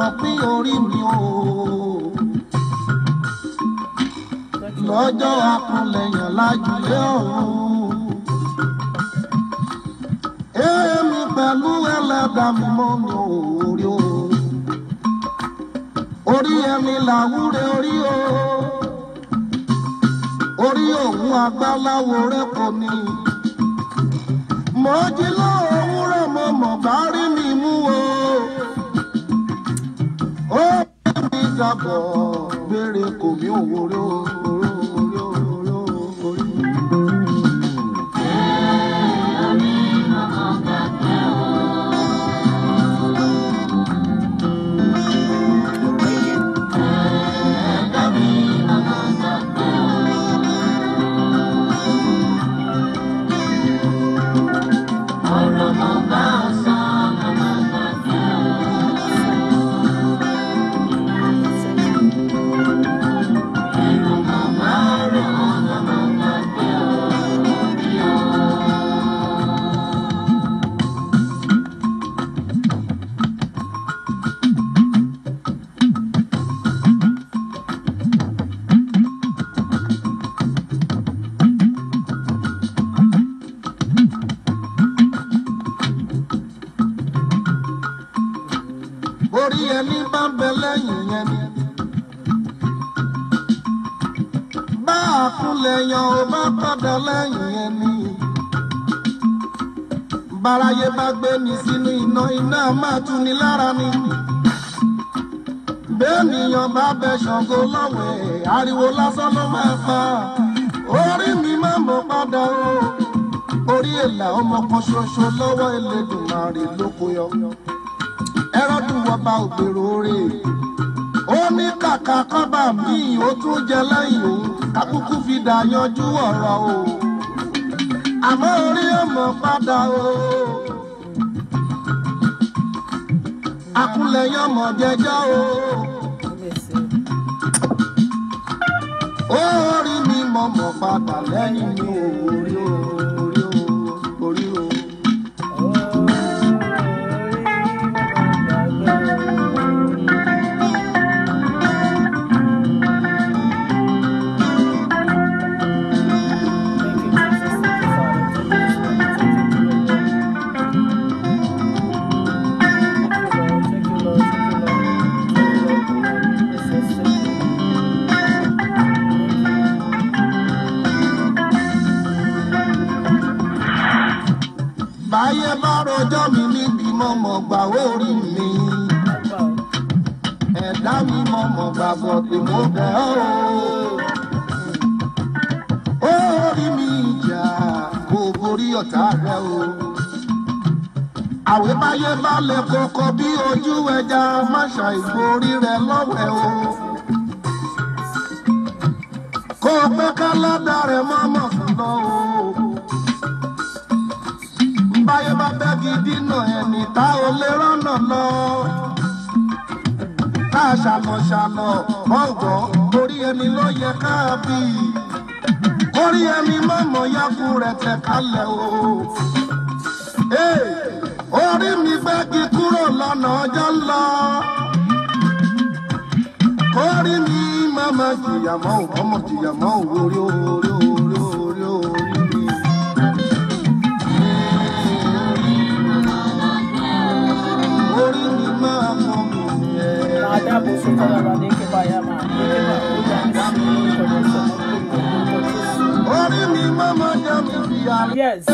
lọ pín orí mi o. lọ́jọ́ akunlẹ̀yàn lájúlé ọ̀run. èmi pẹ̀lú ẹlẹ́dàá mi mọ́ ni ò rí o. orí ẹni làwúre orí o. orí òun agbáláwo rẹ̀ kò ní. mo jí lóòwúrọ̀ mọ̀ bá rí. ó bí ìjàbọ̀ béèrè kò mí òwúrò. gbé mi sínú iná iná máa tú ni lára ni. bẹ́ẹ̀nìyàn bá bẹ Ṣàngó lọ́wẹ̀ ariwo lásán ló máa pa orí mi máa ń padà o. orí èlà ọmọ kan ṣoṣo lọ́wọ́ Elédùmarè lóko yọ. ẹ̀rọ dùn wọ́n bá òbèrò rè ó ní kàkà kọ́bà míì ó tún jẹ lẹ́yìn òun kakúkú fi dà yanjú ọ̀rọ̀ o àmọ́ orí ọmọ padà o. akúnlẹ̀yàn mọ̀ jẹjọ́ o. ó rí mi mọ̀ mọ̀ padà lẹ́yìn mi o. borí ọ̀tá rẹ o. àwébáyé bá lè kókó bí ojú ẹja má ṣàìborí rẹ lọ́wẹ̀ o. kó o pẹ́ ká lọ́dà rẹ mọ́ mọ̀ fún lọ o. báyé bá bẹ́gi dínà ẹni tá ò lè rọ́nà lọ. ká ṣàlọ̀ ṣàlọ̀ ọ̀gọ́ orí ẹni ló yẹ ká orí ẹni mọ̀mọ́ yakú rẹ̀ tẹ̀ kalẹ̀ o. orí mi gbẹ́gi kúrò lọ́nà ọjọ́ lọ. orí mi mọ̀mọ́ jìyà mọ́ ò mọ̀mọ́ jìyà mọ́ ò orí orí orí orí orí mi. orí mi máa mọ̀ mi. Yes.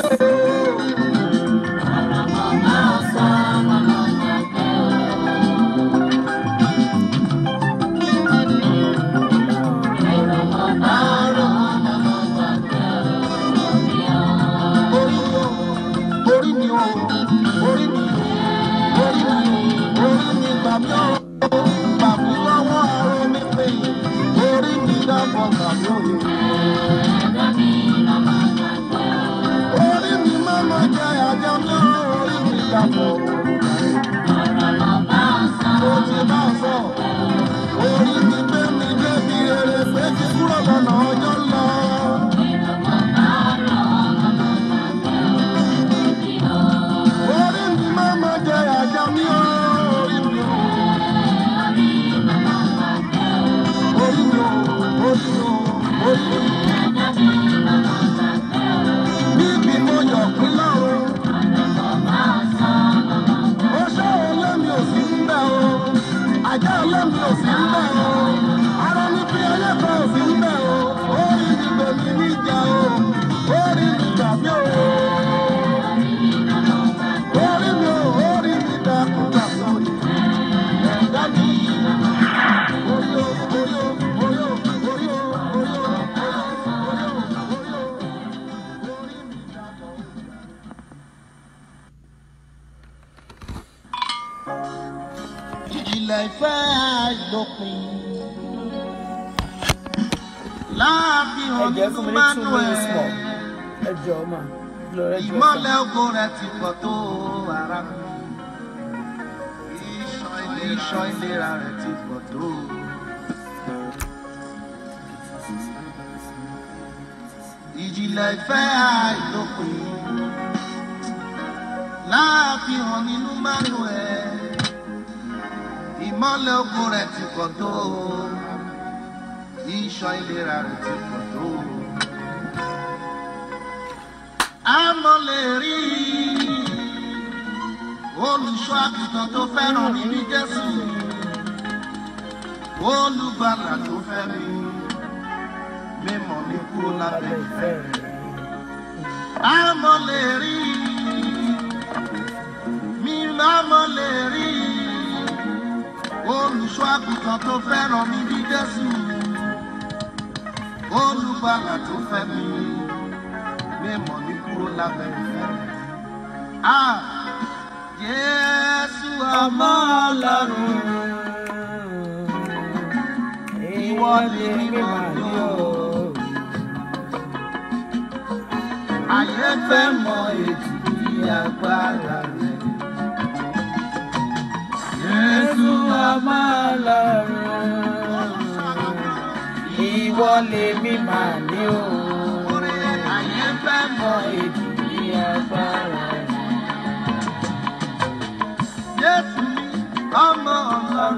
máa lárùn ìwọ lè máa yọ. Ayé fẹ́ mọ ètùtù agbára rẹ̀. Jésù a máa lárùn ìwọ lè máa o. ọmọ ọlọ́run.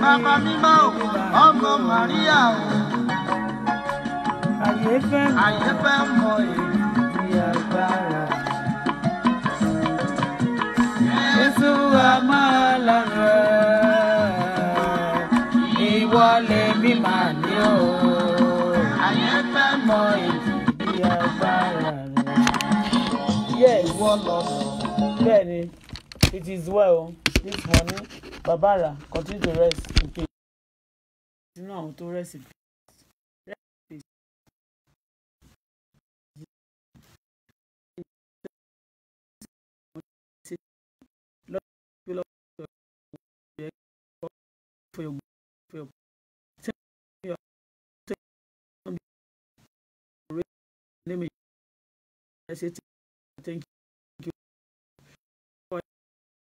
Bàbá mímọ́ ọmọ Màríà o. Àyè fẹ́ mọ èyí agbára. Jésù wa máa lára. Ìwọ lè mí màá ní o. Àyè fẹ́ mọ èyí agbára. Yẹ ìwọ lọ sọ it is well this morning baba continue to rest in peace nínú àwọn tó rest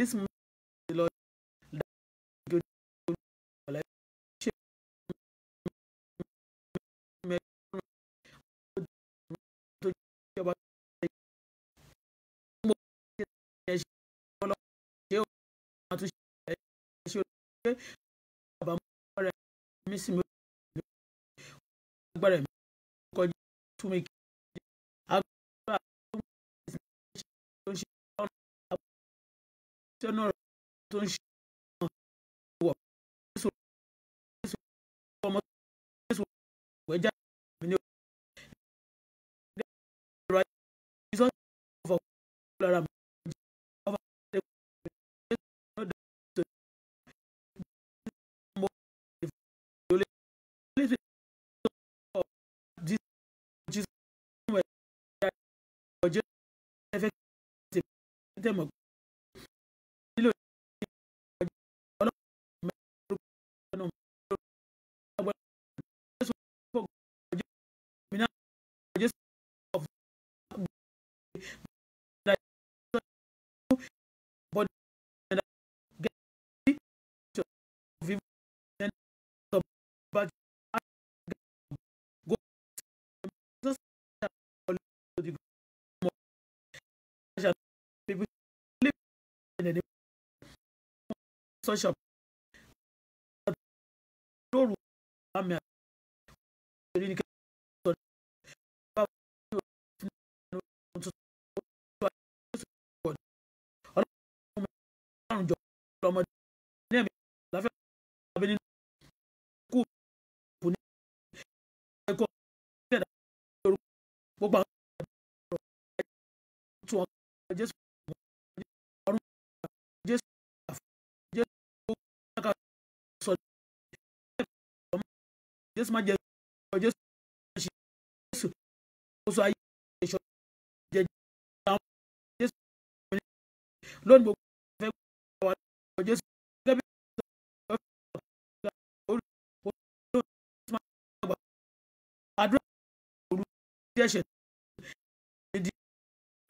this lord agbára mi tẹnu ọ̀rọ̀ tó ń ṣe ọmọ wọ jésù jésù ọmọ jésù wẹ já mi ní ọ̀rọ̀ ayé ìsọ ọfọ lára mi ọfọ àti jésù ọdọ tó mọ ìfọdọlẹ lẹsẹ ọ jésù jésù ọmọ ẹja ọjọ ẹfẹ tẹmọ. sọ́ṣọ̀ lóru àmì àti ní kẹ́kẹ́ sọ nípa ọlọ́run márùn jọ ọmọdé ní ẹ̀mí láfẹ́ abẹ́ nínú kú kù ní ẹ̀kọ́ ìgbẹ́dà lórúkọ gbogbo àwọn ọ̀rọ̀ ẹ̀jẹ̀ tó wọn jésù. jésù má jẹ ìṣòro jésù má ṣe jésù ó sọ ayé ìṣòro jẹ àwọn jésù lónìí gbogbo ìfẹ́ gbogbo àwọn ìṣòro jésù gẹ́gẹ́ bí ìṣòro ìṣòro olú olú jésù má jẹ ìgbà àdúrà olú jẹ́ṣẹ̀ ìdí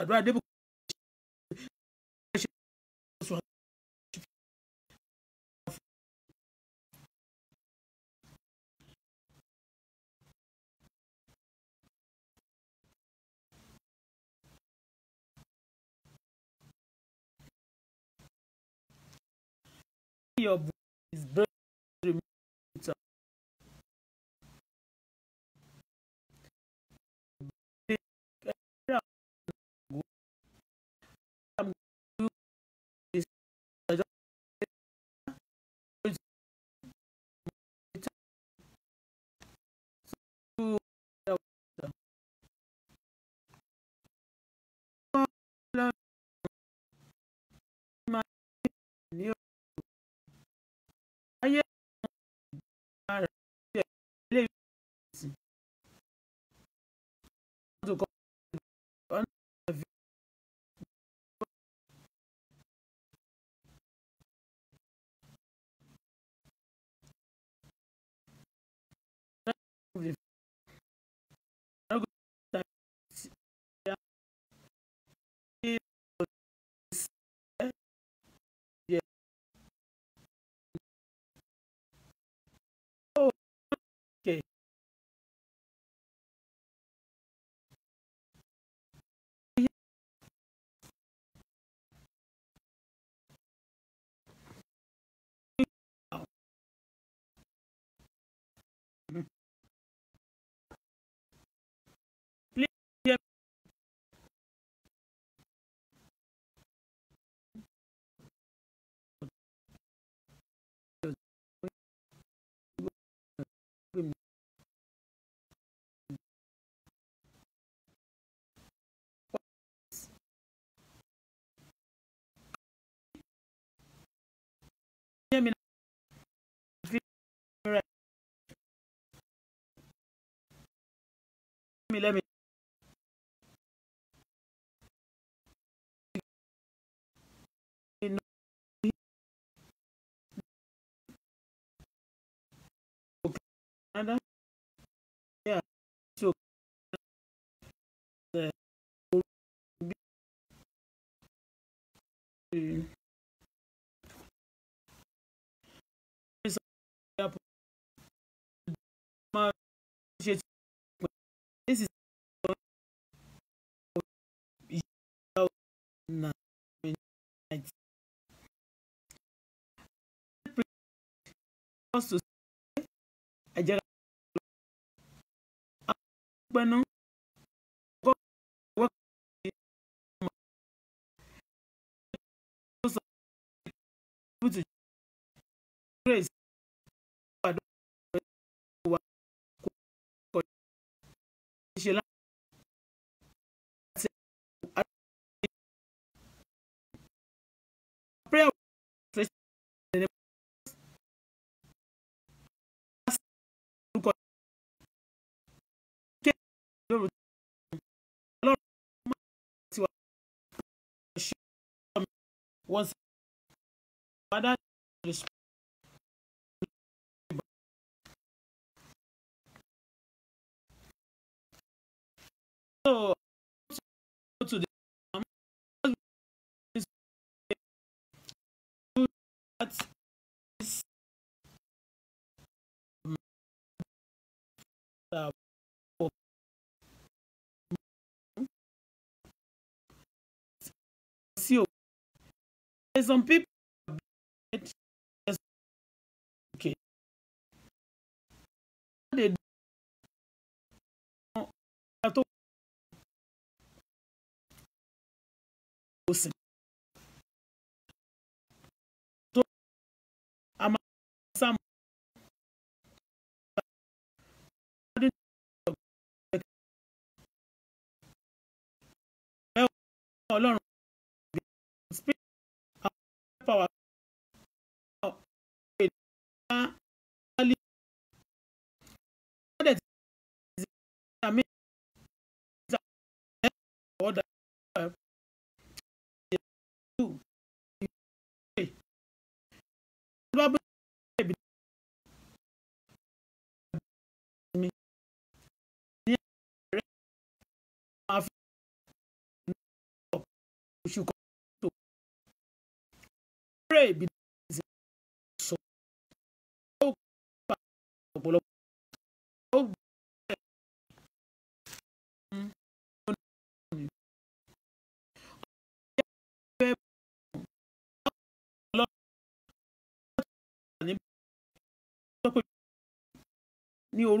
àdúrà débùkún. your brain hear me now. Let me let me Canada. Yeah. So the This is also ajara ṣe láti àti prayer with frustration and Ọlọ́run máa ti wà ṣe ọmọ wọn So, to some people ìwòsàn tó a máa ń sáàmù ọlọ́run spirit power ọ̀dẹ̀ tí ìzẹ̀ àmì máa fi oṣù kan tó ní orúkọ.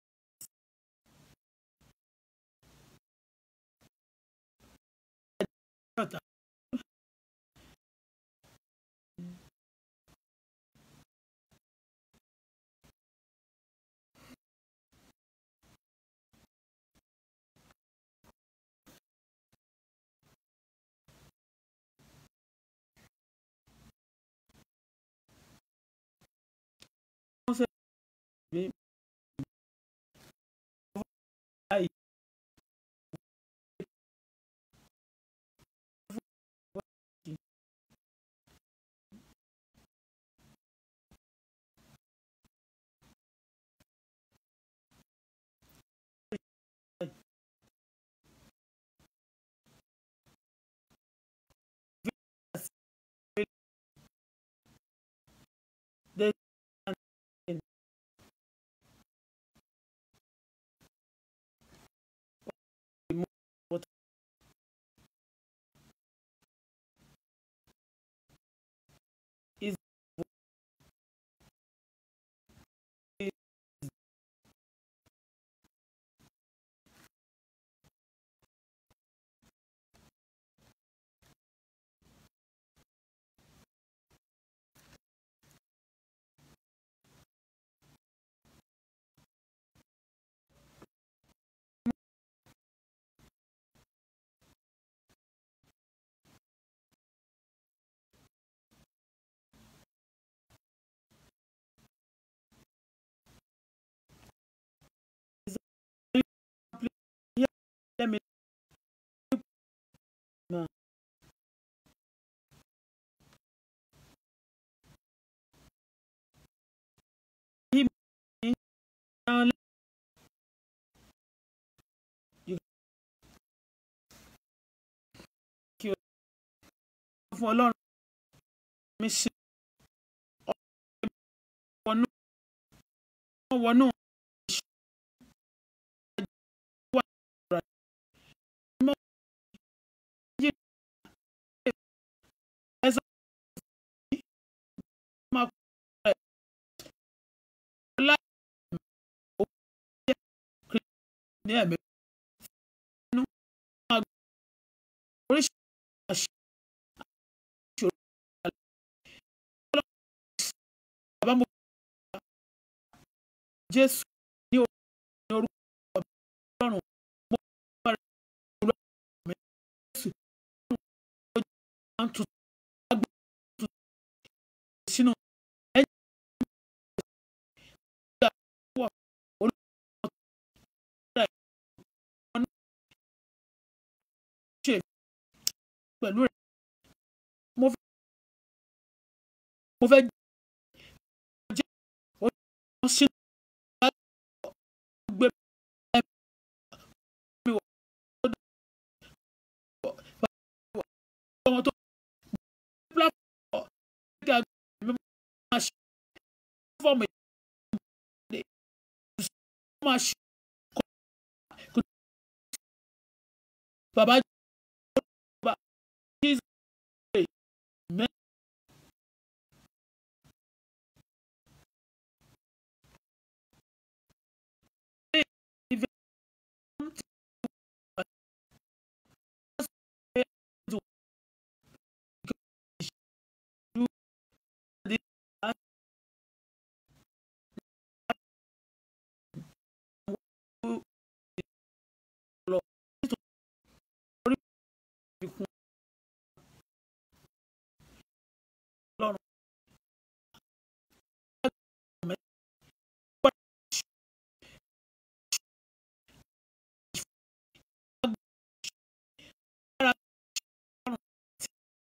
mais Let me ọlọ́run mi ṣe ọ̀rọ̀ wọnú Yeah, but nínú oríṣiríṣi àṣẹ ìṣòro pẹ̀lú rẹ̀ mo fẹ́ mo fẹ́ jẹ́ ọ̀hún sí gbé mi wọ̀ ọmọ tó gbé pílàfọ̀ gíga mi máa ṣe fọ́ọ̀mù ìdílé máa ṣe kọ́ bàbá.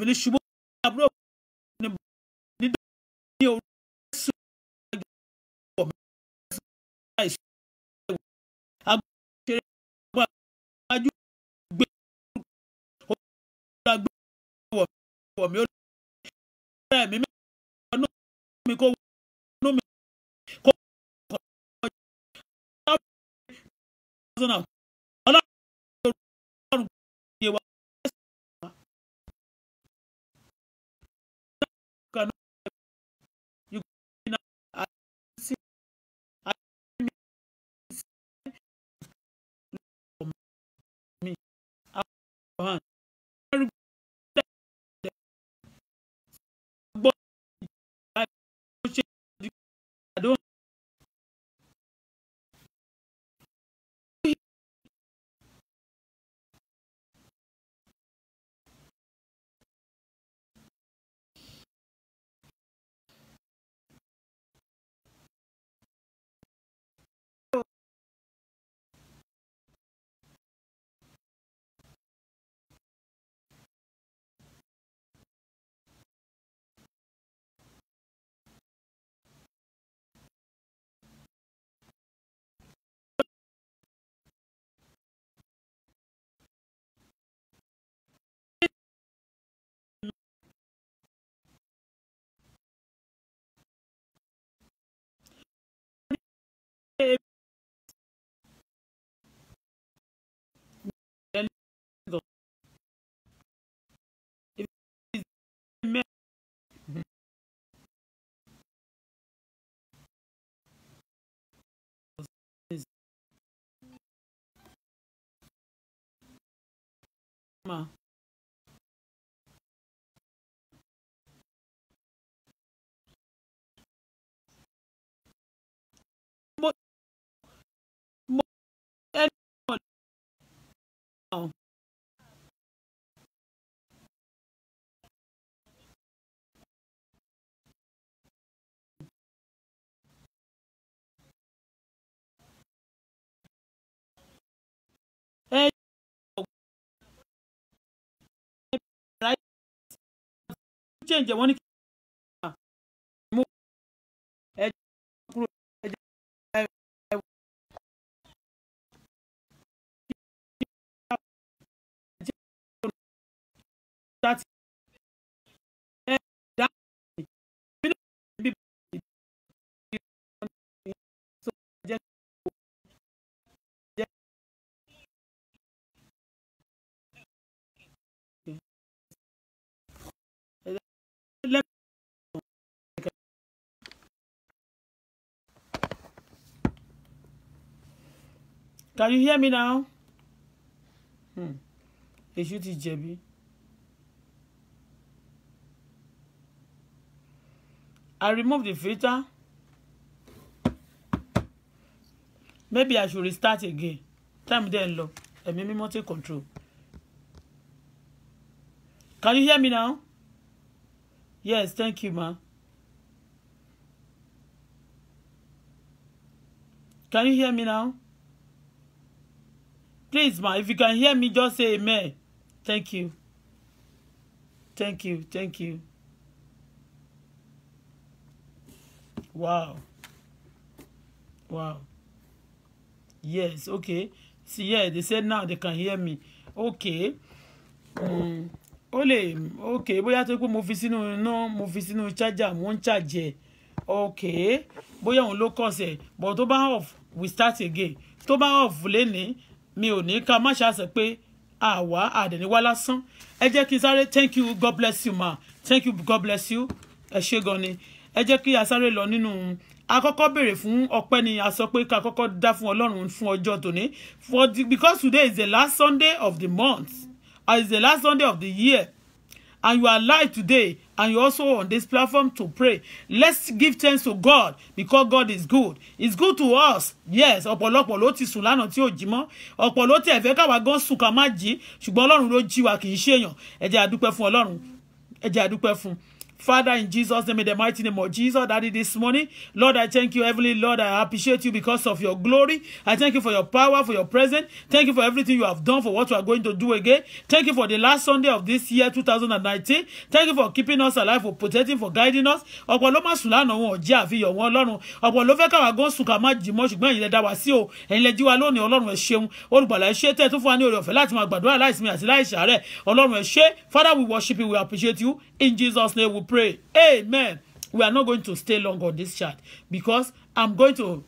fi ní ṣubú àbúrò ní ní orí ẹ̀sùn ìgbàgbọ́ mẹ́fà ìṣẹ́ ìwé agbóṣeré ọgbà ajú gbé ọgbà gbé wọ̀ wọ̀ mí ó lè rẹ̀ mí mí ọ̀nà mi kò wọ́n mi kò kọ̀ ọ̀jọ̀ ọ̀jọ̀ ọ̀jọ̀ ọ̀jọ̀ ọ̀jọ̀ ọ̀jọ̀ ọ̀jọ̀ fun Ma. Oh. Change. I want to. Can you hear me now? Hmm. Èṣù ti jẹ̀bi. I remove the filter. Maybe I should restart again. Time then lọ. Ẹ̀mí mímọ́ take control. Can you hear me now? Yes, thank you, ma. Can you hear me now? Please, ma, if you can hear me, just say amen. Thank you. Thank you. Thank you. Wow. Wow. Yes, okay. See, yeah, they said now they can hear me. Okay. Mm. ó Okay. Boya bóyá tó pé mo fi sínú iná mo fi sínú chájà mo ń chàjẹ ok bóyá òun ló kọsẹ̀ but tó bá off we start again tó bá off lénìí mi ò ní ká má ṣàṣẹ pé àwa àdẹ̀ní wá lásán ẹ jẹ́ kí n sáré thank you god bless you ma thank you god bless you ẹ ṣé gan ni ẹ jẹ́ kí a sáré lọ nínú àkọ́kọ́ béèrè fún ọpẹ́ ni a sọ pé ká kọ́kọ́ dá fún ọlọ́run fún ọjọ́ tòní for the because today is the last sunday of the month or is the last sunday of the year and you are alive today and you're also on this platform to pray. Let's give thanks to God because God is good. It's good to us. Yes, ọ̀pọ̀lọpọ̀ ló ti sùn lánàá tí ò jí mọ́. Ọ̀pọ̀ ló ẹ̀fẹ́ káwa gan sùn ká má jí ṣùgbọ́n Ọlọ́run ló jí wa kì í ṣèyàn. Ẹ jẹ́ fún Ọlọ́run. Ẹ jẹ́ fún un. Father, in Jesus' name, in the mighty name of Jesus, Daddy, this morning, Lord, I thank you, Heavenly Lord, I appreciate you because of your glory. I thank you for your power, for your presence. Thank you for everything you have done, for what you are going to do again. Thank you for the last Sunday of this year, 2019. Thank you for keeping us alive, for protecting, for guiding us. Ọ̀pọ̀ ló máa sùn lánàá wọn ọ̀jẹ́ àfihàn wọn Ọlọ́run. Ọ̀pọ̀ ló fẹ́ káwa gan sùn ká má jì ṣùgbọ́n ẹ̀yin lẹ sí o. Ẹ̀yin lẹ jí wa lónìí Ọlọ́run ẹ ṣeun. Olùgbàlà ẹ ṣé tẹ́ tún fún wa ní oore ọ̀fẹ́ láti máa gbàdúrà láìsinmi àti láìṣàárẹ̀. Ọlọ́run ẹ ṣé. Father we worship you, we appreciate you. In Jesus' name we pray. Amen. We are not going to stay long on this chat because I'm going to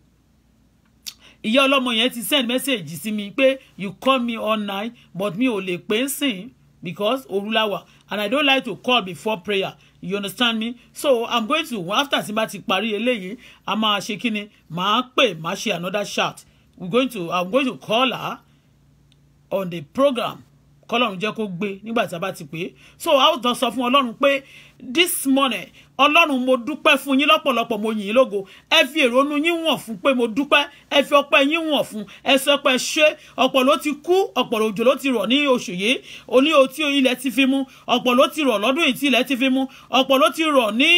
ìyá ọlọ́mọ yẹn ti send message sí mi pé you call me all night but me ò lè pè é because orulawa and I don't like to call before prayer you understand me so I'm going to after tí n bá ti parí eléyìí a máa ṣe kí ni màá pè màá another chat we going to I'm going to call her on the program kọ́lọ́run jẹ́ kó gbé nígbà tí a bá ti pè so a ó tán sọ fún Ọlọ́run this morning ọlọ́run mo dúpẹ́ fún yín lọ́pọ̀lọpọ̀ mo yìn yín lógo ẹ fi èrònú yín wọ̀n fún pé mo dúpẹ́ ẹ fi ọpẹ́ yín wọ̀n fún ẹ sọ pé ṣé ọ̀pọ̀ ló ti kú ọ̀pọ̀ òjò ló ti rọ̀ ní oṣù yìí oní otí ilẹ̀ ti fi mú ọ̀pọ̀ ló ti rọ̀ lọ́dún yìí tí ilẹ̀ ti fi mú ọ̀pọ̀ ló ti rọ̀ ní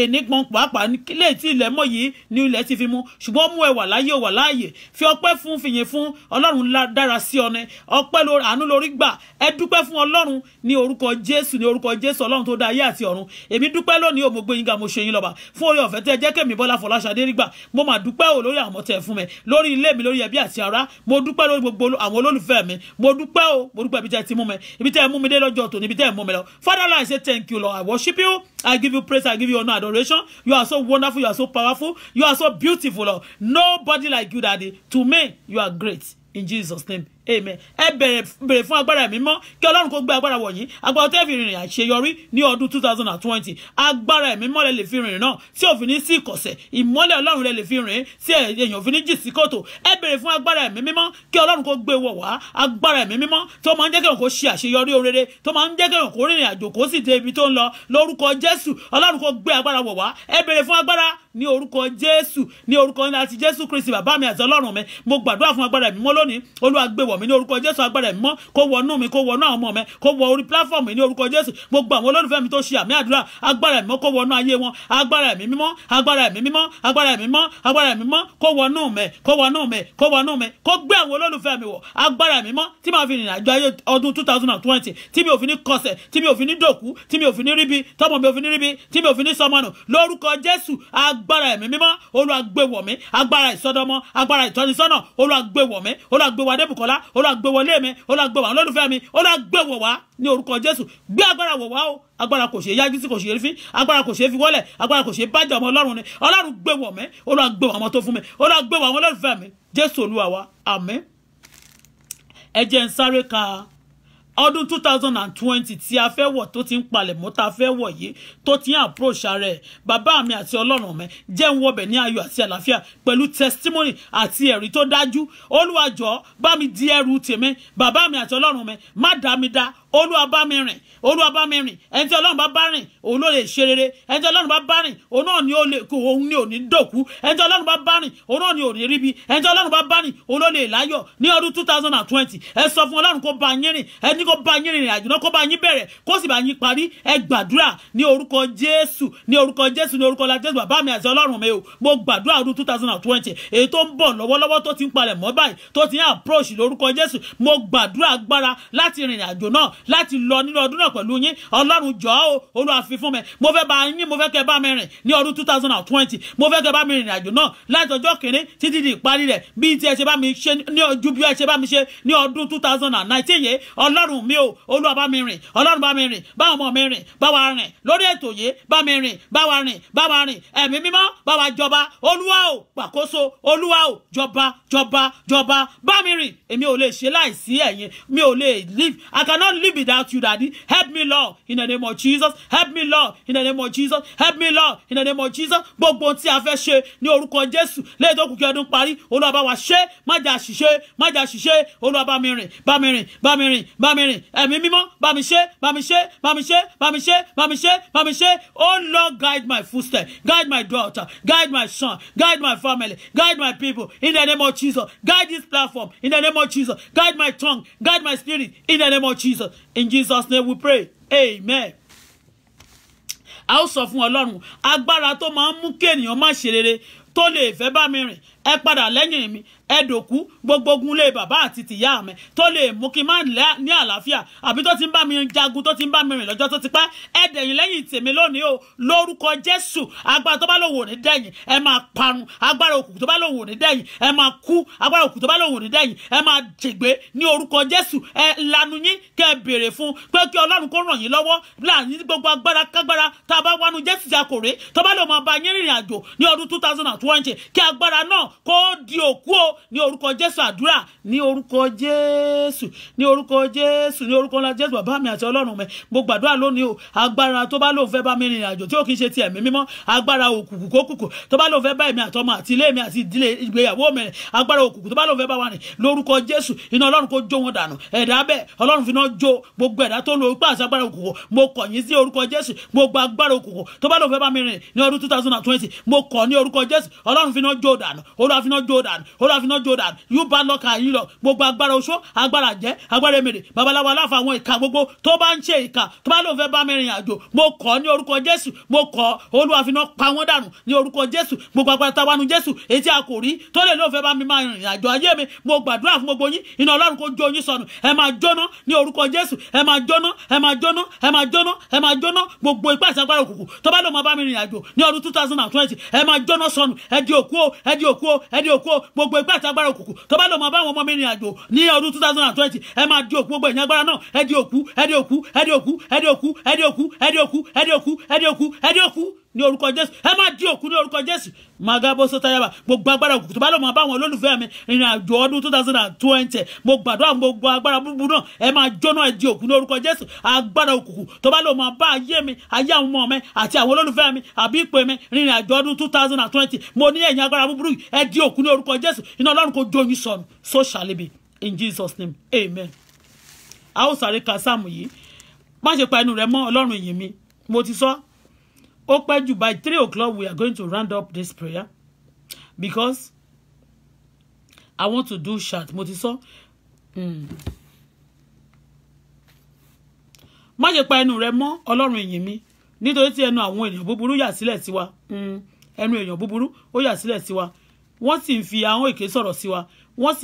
ènìgbọn pàápàá lè tí ilẹ̀ mọ̀ yìí ní ilẹ̀ ti fi mú ṣùgbọ́n mú ẹ wà láyé wà láàyè fi ọpẹ́ fún fìyìn fún ọlọ́run dára sí ọ̀nẹ ọpẹ́ àánú lórí gbà ẹ dúpẹ́ fún ọlọ́run ní orúkọ jésù ní orúkọ jésù ọlọ́run tó dá ayé àti ọ̀run èmi dúpẹ́ lónìí òmùg gbé yín ga mo ṣe yín lọ́ba fún orí ọ̀fẹ́ tẹ́ jẹ́ kẹ́mi bọ́lá fọláṣadé rí gbà mo mà dúpẹ́ o lórí àwọn tẹ́ fún mi lórí ilé mi lórí ẹbí àti ara mo dúpẹ́ lórí gbogbo àwọn olólùfẹ́ mi mo dúpẹ́ o mo dúpẹ́ ibi tẹ́ ti mú mi ibi tẹ́ mú mi dé lọ́jọ́ tòní ibi tẹ́ mú mi lọ Father Lord I say thank you Lord I worship you I give you praise I give you honor adoration you are so wonderful you are so powerful you are so beautiful Lord nobody like you daddy to me you are great in Jesus name amen ẹ bẹ̀rẹ̀ bẹ̀rẹ̀ fún agbára mímọ́ kí ọlọ́run kó gbé agbára wọ̀nyí agbára tẹ́ fi rìnrìn àṣeyọrí ní ọdún two thousand and twenty agbára mímọ́ lẹ lè fi rìnrìn náà tí òfin ní sí ìkọ̀sẹ̀ ìmọ́lẹ̀ ọlọ́run lẹ lè fi rìn tí èèyàn òfin ní jì sí kòtò ẹ bẹ̀rẹ̀ fún agbára ẹ̀mí mímọ́ kí ọlọ́run kó gbé wọ̀ wá agbára ẹ̀mí tó máa ń jẹ́ kéèyàn kó ṣe àṣeyọrí orere tó máa ń jẹ́ kéèyàn kó rìnrìn àjò kó sì dé ibi tó ń lọ lórúkọ jésù ọlọ́run kó gbé agbára wọ̀ wá ẹ bẹ̀rẹ̀ fún agbára ní orúkọ jésù ní orúkọ ńlá ti jésù kristi bàbá mi àti ọlọ́run mi mo gbàdúrà fún agbára ẹ̀mí mọ́ lónìí olúwa gbé wọ̀ mí ní orúkọ jésù agbára ẹ̀mí mọ́ kó wọnú mi kó wọnú àwọn ọmọ mi kó wọ orí platform mi ní orúkọ jésù mo gbà àwọn olólùfẹ́ mi tó ṣe àmì àdúrà agbára ẹ̀mí mọ́ kó wọnú ayé wọn agbára ẹ̀mí mímọ́ agbára ẹ̀mí mímọ́ agbára ẹ̀mí mọ́ agbára ẹ̀mí mọ́ kó wọnú mi kó wọnú mi kó wọnú mi kó gbé àwọn olólùfẹ́ mi wọ̀ agbára ẹ̀mí mọ́ tí màá fi rìnrìn àjò ayé ọdún two thousand and twenty tí mi ò fi ní kọsẹ̀ tí mi ò fi ní dòkú tí mi ò fi ní ríbi tọ́mọ mi ò fi ní ríbi tí mi ò fi ní sọmọnù lórúkọ jésù ag agbára ẹ̀mí mímọ́ Olúwa gbé wọ̀ mí agbára ìsọdọmọ agbára ìtọ́nisọ́nà Olúwa gbé wọ̀ mí Olúwa gbé wa débùkọ́lá Olúwa gbé wọlé mi Olúwa gbé wa lọ́dúnfẹ́ mi Olúwa gbé wọ̀ wá ní orúkọ Jésù gbé agbára wọ̀ wá o agbára kò ṣe yájú sí kò ṣe fi agbára kò ṣe fi wọlẹ̀ agbára kò ṣe bájà ọmọ Ọlọ́run ni Ọlọ́run gbé wọ̀ mí Olúwa gbé wọ̀ àwọn tó fún mi Olúwa gbé wọ̀ àwọn olólùfẹ́ mi Jésù Olúwa wa àmín ẹ jẹ́ n sáré ka ọdún two thousand and twenty tí a fẹ́ wọ̀ tó ti ń palẹ̀ mọ́ tá a fẹ́ wọ̀ yìí tó ti ń approach ara ẹ̀ bàbá mi àti ọlọ́run mi jẹ́ ń wọbẹ̀ ní ayọ̀ àti àlàáfíà pẹ̀lú testimony àti ẹ̀rí tó dájú olúwa jọ̀ọ́ bá mi di ẹrù tèmi bàbá mi àti ọlọ́run mi má dá mi dá olúwa bá mi rìn olúwa bá mi rìn ẹni tí ọlọ́run bá bá rìn òun ló lè ṣe rere ẹni tí ọlọ́run bá bá rìn òun náà ni ó lè kú òun ni ò ní dòkú ẹni tí ọlọ́run bá bá rìn òun náà ni ò ní ríbi ẹni tí ọlọ́run bá bá rìn òun ló lè láyọ̀ ní ọdún two thousand and twenty ẹ sọ fún ọlọ́run kó bá yín rìn ẹni kó bá yín rìnrìn àjò náà kó bá yín bẹ̀rẹ̀ kó sì bá yín parí ẹ gbàdúrà ní orúkọ jésù ní orúkọ jésù ní orúkọ la bàbá mi àti ọlọ́run mi o mo gbàdúrà ọdún two thousand and twenty èyí tó ń bọ̀ lọ́wọ́lọ́wọ́ tó ti ń palẹ̀ mọ́ báyìí tó ti ń approach lórúkọ jésù mo gbàdúrà agbára láti rìnrìn àjò náà láti lọ nínú ọdún náà pẹ̀lú yín ọlọ́run jọ ọ́ olúwa fi fún mi mo fẹ́ bá yín mo fẹ́ kẹ́ bá mi rìn ní ọdún two thousand and twenty mo fẹ́ kẹ́ bá mi rìnrìn àjò náà láti ọjọ́ kìíní títí di ìparí rẹ̀ bí ti ẹ ṣe bá mi ṣe ní ojú bí ẹ ṣe bá mi ṣe ní ọdún two thousand and nineteen yìí ọlọ́run mi o olúwa bá mi rìn ọlọ́run bá mi rìn báwọn ọmọ mi rìn bá wa rìn lórí ètò yìí bá mi rìn bá wa rìn bá wa rìn ẹ̀mí mímọ́ o gbàkóso olúwa o jọba jọba jọba bá mi rìn èmi ò lè ṣe láìsí ẹ̀yin mi live i cannot live without you, Daddy. Help me, Lord, in the name of Jesus. Help me, Lord, in the name of Jesus. Help me, Lord, in the name of Jesus. Gbogbo tí a fẹ́ ṣe ní orúkọ Jésù lẹ́yìn tó kù kí ọdún parí. Olúwa bá wa ṣe, má jà ṣiṣẹ́, má jà ṣiṣẹ́. Olúwa bá mi rìn, bá mi rìn, bá mi rìn, bá mi rìn. Ẹ̀mí mímọ́, bá mi ṣe, bá mi ṣe, bá mi ṣe, bá mi ṣe, bá mi ṣe, bá mi ṣe. Oh Lord, guide my footstep, guide my daughter, guide my son, guide my family, guide my people. In the name of Jesus, guide this platform. In the name of Jesus, guide my tongue, guide my spirit. In the name of Jesus. In Jesus' name we pray. Amen. A ó sọ fún Ọlọ́run agbára tó máa ń mú kí ènìyàn má ṣe rere tó lè fẹ́ bá mi rìn ẹ padà lẹ́yìn mi ẹ dòkú gbogbo ogun lé bàbá àti tìyá mi tó lè mú kí n má ní àlàáfíà àbí tó ti ń bá mi jagun tó ti ń bá mi rìn lọ́jọ́ tó ti pẹ́ ẹ dẹ̀yìn lẹ́yìn tèmi lónìí o lórúkọ jésù agbára tó bá lò wò ní dẹ̀yìn ẹ máa parun agbára òkùnkùn tó bá lò wò ní dẹ̀yìn ẹ máa kú agbára òkùnkùn tó bá lò wò ní dẹ̀yìn ẹ máa jègbé ní orúkọ jésù ẹ lanu yín kẹ béèrè fún pé kí ọlọ́run kó ràn yín lọ́wọ́ láàyè gbogbo agbára kágbára tá a bá Moses Akore tó bá lè mọ bá yín rìnrìn àjò ní ọdún two thousand and twenty kí agbára náà kó di òkú o ní orúkọ Jésù àdúrà ní orúkọ Jésù ní orúkọ Jésù ní orúkọ ńlá Jésù bàbá mi àti Ọlọ́run mi mo gbàdúrà lónìí o agbára tó bá lòun fẹ́ bá mi rìnrìn àjò tí ò kì í ṣe ti ẹ̀mí mímọ́ agbára òkùnkùn kókùnkùn tó bá lòun fẹ́ bá èmi àtọmọ àti ilé mi àti ìdílé ìgbéyàwó mi rìn agbára òkùnkùn tó bá lòun fẹ́ bá wa rìn lórúkọ Jésù iná Ọlọ́run kó jó wọn dànù ẹ̀dá bẹ́ẹ̀ Ọlọ́run fi iná jó gbogbo ẹ̀dá tó lo ipá àti agbára òkùnkùn mo kọ̀ yín sí orúkọ Jésù gbogbo agbára òkùnkùn tó bá ló fẹ́ bá mi rìn ní ọdún two thousand and twenty mo kọ̀ ní orúkọ jésù ọlọ́run fi iná jó dànù olúwa fi iná jó dànù olúwa fi iná jó dànù yóò bá lọ́kàn yín lọ gbogbo agbára oṣó agbára jẹ́ agbára emèrè babaláwo aláfa àwọn ìka gbogbo tó bá ń ṣe ìka tó bá ló fẹ́ bá mi rìn àjò mo kọ̀ ní orúkọ jésù mo kọ̀ olúwa fi iná pa wọ́n dànù ní orúkọ jésù gbogbo agbára tawanu jésù èyí a kò rí tó lè ló ló máa bá mi rìnrìn àjò ní ọdún two thousand and twenty ẹ máa jóná sọnù ẹ di òkú o ẹ di òkú o ẹ di òkú o gbogbo ẹgbẹ́ àti agbára òkùnkùn tó bá ló máa bá àwọn ọmọ mi rìnrìn àjò ní ọdún two thousand and twenty ẹ máa di òkú gbogbo ẹ̀yìn agbára náà ẹ di òkú ẹ di òkú ẹ di òkú ẹ di òkú ẹ di òkú ẹ di òkú ẹ di òkú ẹ di òkú ẹ di òkú ẹ di òkú ní orúkọ jésù ẹ má di òkú ní orúkọ jésù magabo sotayaba gbogbo agbára òkùnkùn tó bá lọ́mọ báwọn olólùfẹ́ mi ìrìn àjò ọdún two thousand and twenty gbogbo agbára búburú náà ẹ máa jóná ẹ di òkú ní orúkọ jésù agbára òkùnkùn tó bá lọ́mọ bá ayé mi ayé àwọn ọmọ mi àti àwọn olólùfẹ́ mi àbí ìpè mi ìrìn àjò ọdún two mo ní ẹ̀yìn agbára búburú ẹ di òkú ní orúkọ jésù iná ọlọ́run kò in Jesus name amen a ó pẹ́ by three o'clock we are going to round up this prayer because i want to do chat mo ti hmm. má ṣe pa ẹnu rẹ mọ́ ọlọ́run ìyìn mi nítorí tí ẹnu àwọn ènìyàn búburú yà sílẹ̀ sí wa hmm. ẹnu èèyàn búburú ó yà sílẹ̀ sí wa wọ́n sì ń fi àwọn èké sọ̀rọ̀ sí wa wọ́n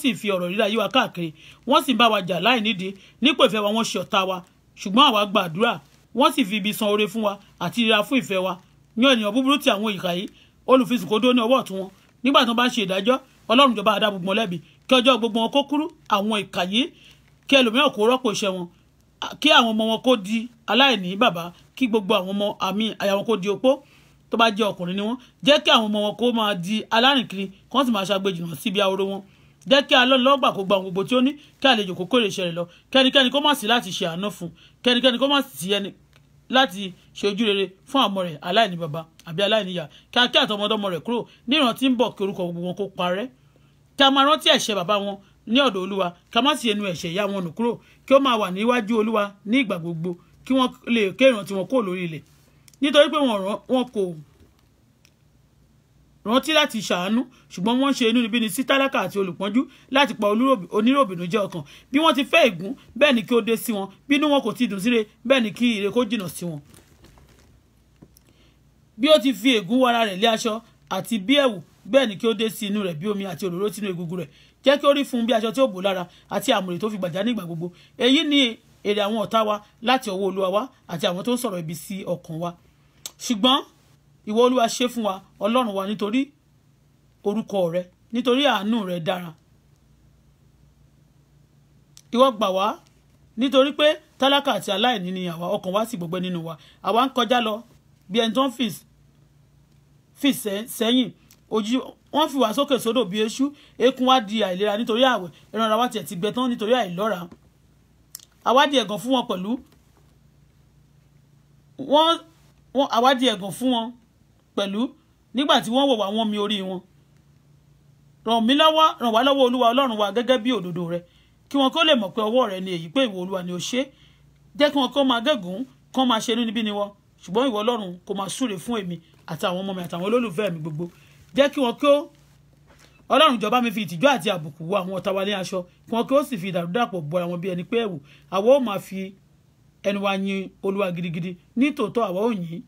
sì ń fi ọ̀rọ̀ rírà yí káàkiri wọ́n sì ń bá wa jà láì nídìí nípò ìfẹ́ wa wọ́n ṣe ọ̀tá wa ṣùgbọ́n àwa gbàdúrà wọ́n sì fi ibi san oore fún wa àti ìra fún ìfẹ́ wa yan ènìyàn búburú ti àwọn ìkà yìí olùfisùn kò dó ní ọwọ́ ọ̀tún wọn nígbà tí wọ́n bá ń ṣe ìdájọ́ ọlọ́run ìjọba àdá gbogbo wọn kí ọjọ́ gbogbo wọn kó kúrú àwọn ìkà yìí kí ẹlòmíràn kó rọ́pò iṣẹ́ wọn kí àwọn ọmọ wọn kó di aláìní bàbá kí gbogbo àwọn ọmọ àmì àyà wọn kó di opó tó bá jẹ́ ọkùnrin ni wọ́n jẹ́ kí àwọn ọmọ wọn kó máa di alárìnkiri kí wọ́n sì máa ṣàgbé jìnnà síbi ahoro wọn jẹ́ kí alọ́lọ́gbà kó gba ohun gbogbo tí ó ní kí àlejò kó kórè iṣẹ́ rẹ̀ lọ kẹ́nikẹ́ni kó má sí láti ṣe àánú fún kẹ́nikẹ́ni kó má sí ẹni láti ṣe ojú rere fún àwọn ọmọ aláìní baba àbí aláìní ìyá kí a kí àtọmọdọ́mọ rẹ̀ kúrò ní ìran tí ń bọ̀ kí orúkọ gbogbo wọn kó parẹ́ kí a máa rántí ẹ̀ṣẹ̀ bàbá wọn ní ọ̀dọ̀ olúwa kí a má sì ẹnu ẹ̀ṣẹ̀ ìyá wọn nù kúrò kí ó máa wà níwájú olúwa ní ìgbà gbogbo kí wọ́n lè ké ìran wọn kó lórí ilẹ̀ nítorí pé wọn kò rántí láti ṣàánú ṣùgbọ́n wọ́n ṣe inúnibíni sí tálákà àti olùpọ́njú láti pa oníròbìnú jẹ́ ọkàn bí wọ́n ti fẹ́ ègún bẹ́ẹ̀ ni kí ó dé sí wọn bínú wọn kò ti dùn síre bẹ́ẹ̀ ni kí ire kó jìnnà sí wọn. bí ó ti fi ègún wara rẹ̀ lé aṣọ àti bí ẹ̀wù bẹ́ẹ̀ ni kí ó dé sí inú rẹ̀ bí omi àti òróró sínú egungun rẹ̀ jẹ́ kí ó rí fún bí aṣọ tí ó bò lára àti àmùrè tó fi gbàjá nígbà gbogbo èyí ni èrè àwọn ọ̀tá wa láti ọwọ́ olúwa wa àti àwọn tó ń sọ̀rọ̀ ibi sí ọkàn wa ṣùgbọ́n ìwọ olúwa ṣe fún wa ọlọ́run wa nítorí orúkọ rẹ nítorí àánú rẹ dára ìwọ gbà wá nítorí pé tálákà àti aláìní ni àwa ọkàn wa sì gbọgbẹ́ nínú wa àwa ń kọjá lọ bí ẹni tó ń fì sẹ́yìn ojú wọ́n fi wá sókè sódò bí eṣú eékún wa di àìlera nítorí àwẹ̀ ẹran ara wa tiẹ̀ ti gbẹ tán nítorí àìlọ́ra àwádìí ẹ̀gàn fún wọn pẹ̀lú wọ́n àwádìí ẹ̀gàn fún wọn pẹ̀lú nígbà tí wọ́n wò wá wọ́n mi orí wọn ràn mí lọ́wọ́ ràn wá lọ́wọ́ olúwa ọlọ́run wa gẹ́gẹ́ bí òdodo rẹ kí wọn kó lè mọ̀ pé ọwọ́ rẹ ni èyí pé ìwọ olúwa ni ó ṣe jẹ́ kí wọn kó máa gégùn kó máa ṣe níbi ni wọn ṣùgbọ́n ìwọ ọlọ́run kó máa súre fún èmi àtàwọn ọmọ mi àtàwọn olólùfẹ́ mi gbogbo jẹ́ kí wọn kó ọlọ́run jọba mi fi ìtìjú àti àbùkù wo àwọn ọ̀tá wa ní aṣọ kí wọn kí ó sì fi ìdàrúdàpọ̀ bọra wọn bí ẹni pé ẹ̀wù àwa ó máa fi ẹnu wa yin olúwa gidigidi nítòótọ́ àwa ò yìn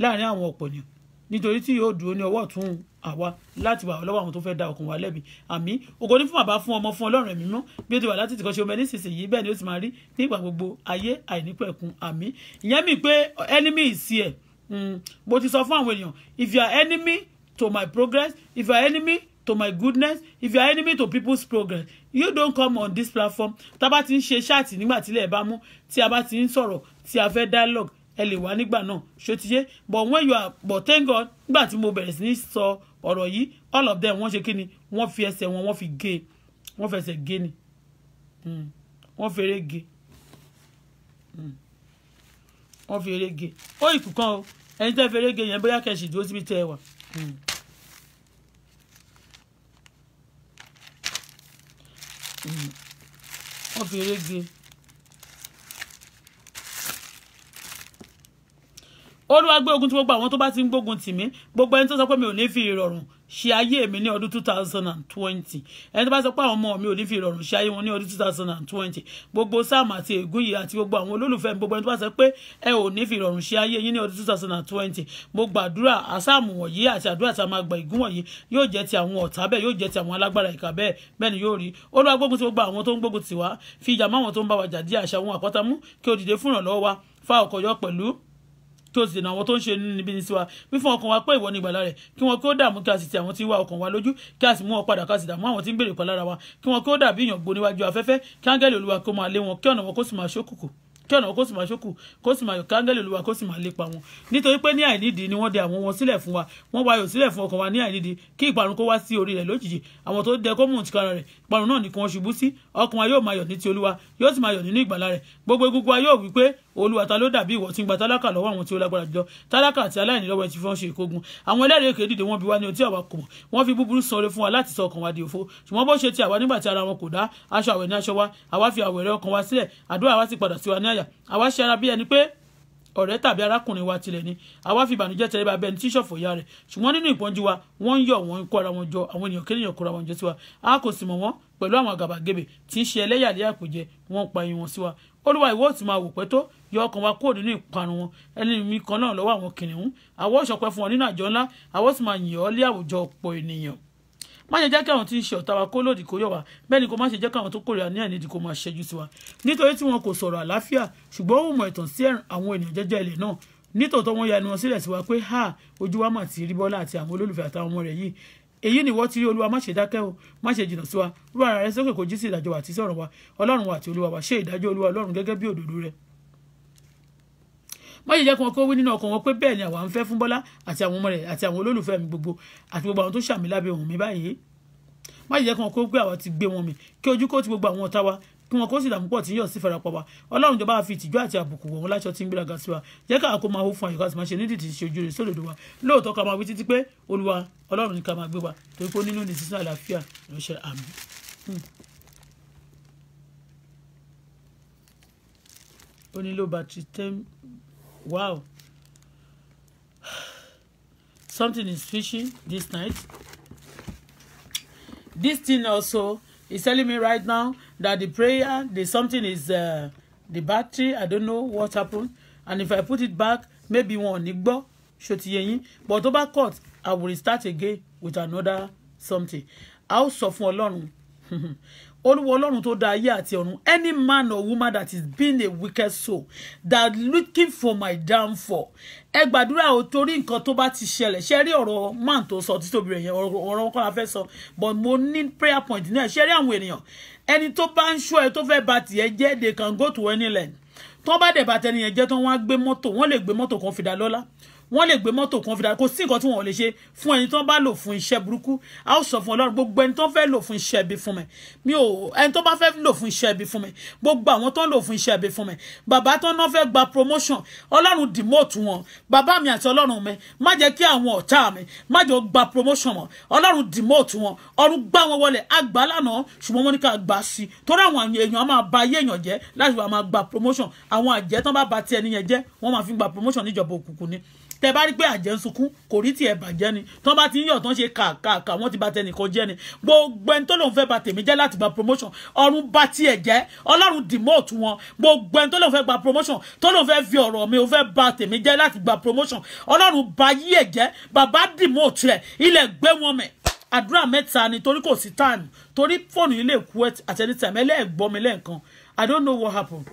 láàrin àwọn ọ̀pọ̀ nìyàn nítorí tí yóò dúró ní ọwọ́ ọ̀tún àwa láti wà lọ́wọ́ àwọn tó fẹ́ da ọkàn wa lẹ́bi àmì ògo ní fún bàbá fún ọmọ fún ọlọ́run ẹ̀mí mọ́ bí ó ti wà láti tìkọ́ ṣe omi ẹni sísè yìí bẹ́ẹ̀ ni ó ti máa rí nígbà gbogbo ayé àìnípẹ̀kun àmì ìyẹn mi pé enemy is here hmm, mo ti sọ fún àwọn èèyàn if you are enemy to my progress if you are enemy to my goodness if you are enemy to people's progress you don't come on this platform tá a bá ti ń ṣe ṣáàtì nígbà tí ilẹ̀ bá mú tí a bá ti ń sọ̀rọ̀ tí a fẹ́ dialogue ẹ lè wá nígbà náà ṣó but when you are but thank God nígbà tí mo bẹ̀rẹ̀ sí ní sọ ọ̀rọ̀ yìí all of them wọ́n ṣe kí ni wọ́n fi ẹsẹ̀ wọn wọ́n fi gé e. wọ́n fẹsẹ̀ gé e ni hmm. wọ́n fèrè gé e. hmm. wọ́n fèrè gé ó ìkù kan o ẹni tẹ́ fèrè gé yẹn bóyá kẹ̀sì dúró síbi tẹ́ ẹ wà. Hmm. wọ́n fèrè gé. olúwa gbé ogun ti gbogbo àwọn tó bá ti ń gbógun tì mí gbogbo ẹni tó sọ pé mi ò ní fi ìrọ̀rùn ṣe ayé mi ní ọdún 2020. thousand and twenty ẹni tó bá sọ pé àwọn ọmọ mi ò ní fi ìrọ̀rùn ṣe ayé wọn ní ọdún two thousand and twenty gbogbo sam àti ègún yìí àti gbogbo àwọn olólùfẹ́ mi gbogbo ẹni tó bá sọ pé ẹ ò ní fi ìrọ̀rùn ṣe ayé yín ní ọdún two thousand mo gbàdúrà àsáàmù wọ̀nyí àti àdúrà tá a máa gbà ìgún wọ̀nyí yóò jẹ́ ti àwọn ọ̀tá bẹ́ẹ̀ yóò jẹ́ ti àwọn alágbára ìkà bẹ́ẹ̀ bẹ́ẹ̀ ni yóò rí olúwa gbógun ti gbogbo àwọn tó ń gbógun tì wá fi ìjà máwọn tó ń bá wa jà dí àṣà wọn àpátámú kí ó dìde fún ìrànlọ́wọ́ wa fa ọkọ̀ yọ pẹ̀lú tó sì dènà àwọn tó ń ṣe nínú níbi níṣẹ́ wa fífún ọkàn wa pé ìwọ ni ìgbàlà rẹ̀ kí wọn kí ó dààmú kí a sì ti àwọn tí ń wá ọkàn wa lójú kí a sì mú wọn padà ká sì dààmú àwọn tí ń béèrè ìpalára wa kí wọn kí ó dàbí ìyàngbò níwájú afẹ́fẹ́ kí áńgẹ́lì olúwa kó máa lé wọn kí ọ̀nà wọn kó sì máa ṣókùnkùn kí ọ̀nà kó sì máa ṣókù kó sì máa yọ kángẹ́lì olúwa kó sì máa lépa wọn nítorí pé ní àìnídìí ni wọ́n dẹ àwọn wọn sílẹ̀ fún wa wọ́n wá yọ̀ sílẹ̀ fún ọkàn wa ní àìnídìí kí ìparun kó wá sí orí rẹ̀ lójijì àwọn tó dẹ kó mú un tìkára rẹ̀ ìparun náà ni kí wọ́n ṣubú sí ọkàn wa yóò máa yọ̀ ní ti olúwa yóò sì máa yọ̀ nínú ìgbàlà rẹ̀ gbogbo egungun wa yóò wí pé olúwa ta ló dàbí ìwọ tí ń gba tálákà lọ́wọ́ àwọn tí ó lágbára jùlọ tálákà àti aláìní lọ́wọ́ ẹ ti fi wọn ṣe ìkógun àwọn ẹlẹ́rìí èké dìde wọn bí wá ní otí àwa kò mọ̀ wọ́n fi búburú sanre fún wa láti sọ ọkàn wa di òfo ṣùgbọ́n bó ṣe ti àwa nígbà tí ara wọn kò dá aṣọ àwẹ̀ ní aṣọ wa àwa fi àwẹ̀rẹ̀ ọkàn wa sílẹ̀ àdúrà wa ti padà sí wa ní àyà àwa ṣe ara bí ẹni pé ọ̀rẹ́ tàbí arákùnrin wa tilẹ̀ ni àwa fi ìbànújẹ́ tẹ̀lé bá bẹni tí ṣọ̀fọ̀ ìyá rẹ̀ ṣùgbọ́n nínú ìpọ́njú wa wọ́n ń yọ̀ wọ́n ń kó ara wọn jọ àwọn ènìyàn kéèyàn kóra wọn jọ sí wa a kò sì mọ̀ wọ́n pẹ̀lú àwọn àgàbàgebè tí ń ṣe ẹlẹ́yàlẹ́ àpèjẹ wọ́n pa iwọn sí wa olúwa ìwọ ti máa wò pẹ́ tó yọ ọkàn wa kúrò nínú ìparun wọn ẹni mi kan náà lọ́wọ́ àwọn kìnìún àwọ̀ ìṣọ̀pẹ́ fún ọ nínú àjọ ńlá àwọ̀ sì máa yìn ọ́ lé àwùjọ ọ̀pọ̀ ènìyàn má ṣe jẹ́ kí àwọn tí ń ṣe ọ̀tá wa kó lòdì kó yọ̀ wá bẹ́ẹ̀ ni kò má ṣe jẹ́ kí àwọn tó kórìíra ní àìnídìí kó máa ṣẹ́jú sí wa nítorí tí wọn kò sọ̀rọ̀ àlàáfíà ṣùgbọ́n ó mọ̀ ìtàn sí àwọn ènìyàn jẹ́jẹ́ ilẹ̀ náà nítòótọ́ wọn yanu wọn sílẹ̀ sí wa pé ha ojú wa mà ti rí Bọ́lá àti àwọn olólùfẹ́ àtàwọn ọmọ rẹ̀ yìí èyí ni wọ́n ti rí olúwa má ṣe dákẹ́ o má ṣe jìnnà sí wa rú ara rẹ sókè kó jí sí ìdájọ́ wa àti sọ̀rọ̀ wa ọlọ́run wa àti olúwa wa ṣe ìdájọ́ olúwa ọlọ́run gẹ́gẹ́ bí òdodo rẹ̀ má ṣe jẹ́ kí wọ́n kó wí nínú ọkàn wọn pé bẹ́ẹ̀ ni àwa ń fẹ́ fún Bọ́lá àti àwọn ọmọ rẹ̀ àti àwọn olólùfẹ́ mi gbogbo àti gbogbo àwọn tó ṣàmì lábẹ́ òun mi báyìí má ṣe jẹ́ kí wọ́n kó pé àwa ti gbé wọn mì kí ojú kó ti gbogbo àwọn ọ̀tá wa kí wọn kó sì dààmú pọ̀ tí yóò sì fara pa wa ọlọ́run jọba àfi ìtìjú àti àbùkù wọn láṣọ tí ń gbéraga sí wa jẹ́ ká kó máa hó fún àyíká sì máa ṣe nídìí ti ṣe ojú rẹ̀ sódòdó wa lóòótọ́ ká máa wí títí pé olúwa ọlọ́run ní ká máa gbé wa torí pé nínú ní sísun àlàáfíà ránṣẹ́ àmì. Hmm. ó ní low battery ten wow something is fishing this night this thing also is telling me right now that the prayer the something is uh, the battery i don't know what happened and if i put it back maybe one ò ní but tó bá cut i will start again with another something a ó sọ fún olúwa ọlọ́run tó dá ayé àti ọ̀run any man or woman that is being a wicked soul that looking for my downfall ẹ gbàdúrà ò torí nǹkan tó bá ti ṣẹlẹ̀ ṣe rí ọ̀rọ̀ man tó sọ títóbi rẹ̀ yẹn ọ̀rọ̀ kọ́ la fẹ́ sọ but mo ní prayer point náà ṣe rí àwọn ènìyàn ẹni tó bá ń ṣọ́ ẹ tó fẹ́ bà tìyẹ jẹ́ they can go to any land tó bá dẹ̀ bàtẹ́ni yẹn jẹ́ tó wọ́n á gbé mọ́tò wọ́n lè gbé mọ́tò kan fìdá lọ́lá wọ́n lè gbé mọ́tò kan fìdá kò sí nǹkan tí wọ́n lè ṣe fún ẹni tó bá lò fún iṣẹ́ burúkú a ó sọ fún ọlọ́run gbogbo ẹni tó fẹ́ lò fún iṣẹ́ ibi fún mi mi ò ẹni tó bá fẹ́ lò fún iṣẹ́ ibi fún mi gbogbo àwọn tó ń lò fún iṣẹ́ ibi fún mi bàbá tó ń fẹ́ gba promotion ọlọ́run demote wọn bàbá mi àti ọlọ́run mi má jẹ́ kí àwọn ọ̀tá mi má jẹ́ gba promotion wọn ọlọ́run demote wọn ọ̀run gbá wọn wọlé àgbà lánàá ṣùgbọ́n wọn ní ká gbà sí torí àwọn èèyàn máa ba ayé èèyàn jẹ́ láti wàá máa gba promotion àwọn àjẹ́ tán bá ba ti ẹni yẹn jẹ́ wọ́n máa promotion níjọba òkùnkùn ni tẹ bá rí pé àjẹ́ ń sunkún kò rí tiẹ̀ bàjẹ́ ni tán bá ti ń yọ̀ tán ṣe kàkàkà wọ́n ti bà tẹnìkan jẹ́ ni gbogbo ẹni tó lòun fẹ́ bà tèmi jẹ́ láti gba promotion ọ̀run bá tiẹ̀ jẹ́ ọlọ́run demote wọn gbogbo ẹni tó lòun fẹ́ gba promotion tó lòun fẹ́ fi ọ̀rọ̀ mi ò fẹ́ bà tèmi jẹ́ láti gba promotion ọlọ́run bá yí ẹ̀ jẹ́ bàbá demote rẹ̀ ilẹ̀ gbé wọn mẹ́ àdúrà mẹ́ta ni torí kò sí táàmù torí fóònù ilé ìkú at any time ẹlẹ́ẹ̀gbọ́n mi lẹ́ẹ̀kan I don't know what happened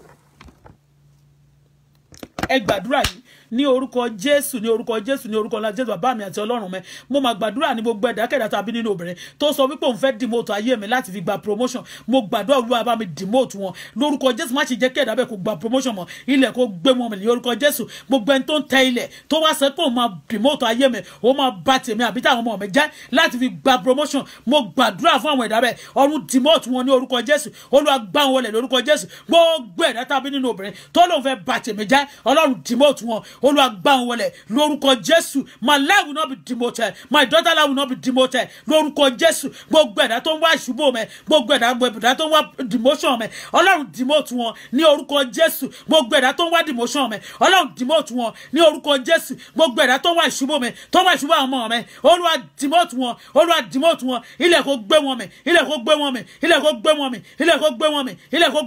ẹ gbàdúrà yìí ní orúkọ jésù ní orúkọ jésù ní orúkọ ńlá jésù bàbá mi àti ọlọ́run mi mo máa gbàdúrà ní gbogbo ẹ̀dákẹ́dá tàbí nínú obìnrin tó sọ wípé òun fẹ́ dìmọ́tò ayé mi láti fi gba promotion mo gbàdúrà olúwa bá mi dìmọ́tò wọn lórúkọ jésù má ṣe jẹ́ kẹ́ẹ̀dá bẹ́ẹ̀ kó gba promotion mọ́ ilẹ̀ kó gbé mọ́ mi ní orúkọ jésù gbogbo ẹni tó ń tẹ ilẹ̀ tó wá sọ pé òun máa dìmọ́tò ayé mi òun máa bà tèmi àbí táwọn ọmọ mi jẹ́ láti fi gba promotion mo gbàdúrà fún àwọn ẹ̀dá bẹ́ẹ̀ ọ̀run dìmọ́tò wọn ní orúkọ jésù olúwa gbá wọn lẹ̀ lórúkọ jésù gbogbo ẹ̀dá tàbí nínú obìnrin tó lóun fẹ́ bà tèmi jẹ́ ọlọ́run dìmọ́tò wọn olúwa gbá wọn lórúkọ jésù my life will not be demoted my daughter life will not be demoted lórúkọ jésù gbogbo ẹ̀dá tó ń wá ìṣubú mẹ gbogbo ẹ̀dá gbogbo ẹ̀dá tó ń wá demotion mẹ ọlọ́run demote wọn ní orúkọ jésù gbogbo ẹ̀dá tó ń wá demotion mẹ ọlọ́run demote wọn ní orúkọ jésù gbogbo ẹ̀dá tó ń wá ìṣubú mẹ tó ń wá ìṣubú àwọn ọmọ mẹ olúwa demote wọn olúwa demote wọn ilẹ̀ kó gbé wọn mẹ ilẹ̀ kó gbé wọn mẹ ilẹ̀ kó gbé wọn mẹ ilẹ̀ kó gbé wọn mẹ ilẹ̀ kó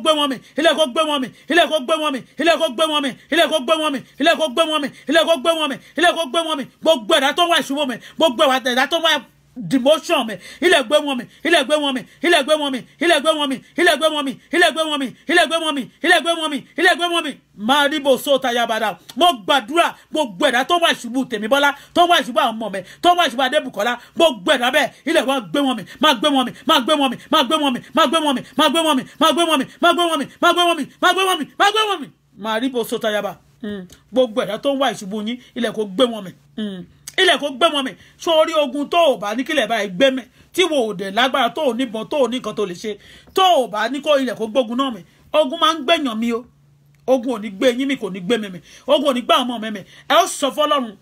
gbé wọn mẹ ilẹ̀ kó gbé wọn mẹ ilẹ̀ kó gbé wọn mẹ ilẹ̀ kó gbé wọn mẹ ilẹ̀ kó gbé wọn mẹ ilẹ̀ kó gbé wọn mẹ ilẹ̀ kó gbé wọn mi ilé kó gbé wọn mi ilé kó gbé wọn mi gbogbo ẹ̀dá tó wá ìṣubú mi gbogbo ẹ̀dá tó wá demotion mi ilé gbé wọn mi ilé gbé wọn mi ilé gbé wọn mi ilé gbé wọn mi ilé gbé wọn mi ilé gbé wọn mi ilé gbé wọn mi ilé gbé wọn mi ilé gbé wọn mi máa rí bò sóòtà yabada mo gbàdúrà gbogbo ẹ̀dá tó wà ìṣubú tèmíbọ́lá tó wà ìṣubú àwọn ọmọ mi tó wà ìṣubú adébùkọ́lá gbogbo ẹ̀dá bẹ́ẹ̀ ilé wa gbé wọn mi máa gbé wọn mi máa gbé wọn mi máa gbé wọn mi máa gbé wọn mi máa gbé wọn mi máa gbé wọn mi máa gbé wọn mi máa gbé wọn mi máa gbé wọn mi máa gbé wọn mi máa rí bò sóòtà yaba gbogbo ẹ̀dá tó ń wá ìṣubú yín ilẹ̀ kò gbé wọn mẹ̀ ilẹ̀ kò gbé wọn mì sórí ogun tó o bá ní kílẹ̀ báyìí gbé mì tí wo ò dẹ̀ lágbára tó o níbọn tó o ní nǹkan tó lè ṣe tó o bá ní kó ilẹ̀ kò gbógun náà mì ogun máa ń gbẹ̀yàn mi o ogun ò ní gbé yín mi kò ní gbé mi ogun ò ní gbá ọmọ mi mì ẹ ó sọ fọlọ́run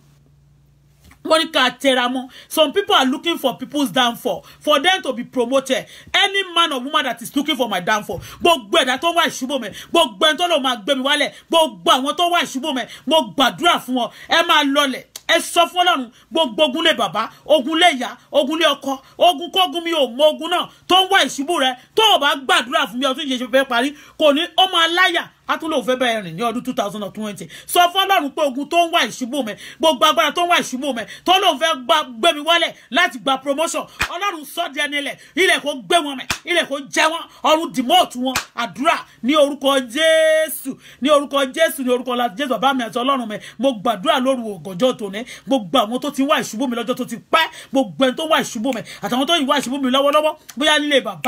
wọ́n ká tẹra some people are looking for people's downfall for them to be promoted any man or woman that is looking for my downfall gbogbo ẹ̀dá tó wà ìṣubú mi gbogbo ẹni tó lọ́ọ́ máa gbé mi wálẹ̀ gbogbo àwọn tó wà ìṣubú mi mo gbàdúrà fún wọn ẹ máa lọlẹ̀ ẹ sọ fún ọlọ́run gbogbo ogun lé bàbá ogun lé ìyá ogun lé ọkọ ogun kógun mi ò mọ ogun náà tó ń wá ìṣubú rẹ tó o bá gbàdúrà fún mi ọtún ìṣèṣe fẹ́ parí kò ní ó máa láyà a tún lòun fẹ́ bẹ́ẹ̀ rìn ní ọdún two thousand and twenty sọ fọlọ́run pé ogun tó ń wá ìṣubú mi gbogbo agbára tó ń wá ìṣubú mi tó lòun fẹ́ gbé mi wálẹ̀ láti gba promotion ọlọ́run sọ́ọ̀dì ẹni ilẹ̀ ilẹ̀ kò gbé wọn mẹ́ ilẹ̀ kò jẹ́ wọn ọ̀run dìmọ́ọ̀tù wọn àdúrà ní orúkọ jésù ní orúkọ jésù ní orúkọ láti jésù bàbá mi àti ọlọ́run mi mo gbàdúrà lóru ògànjọ́ tòní gbogbo àwọn tó ti wá ìṣubú mi lọ́jọ́ tó ti pẹ́ gbogbo ẹni tó wá ìṣubú mi àtàwọn tó wá ìṣubú mi lọ́wọ́lọ́wọ́ bóyá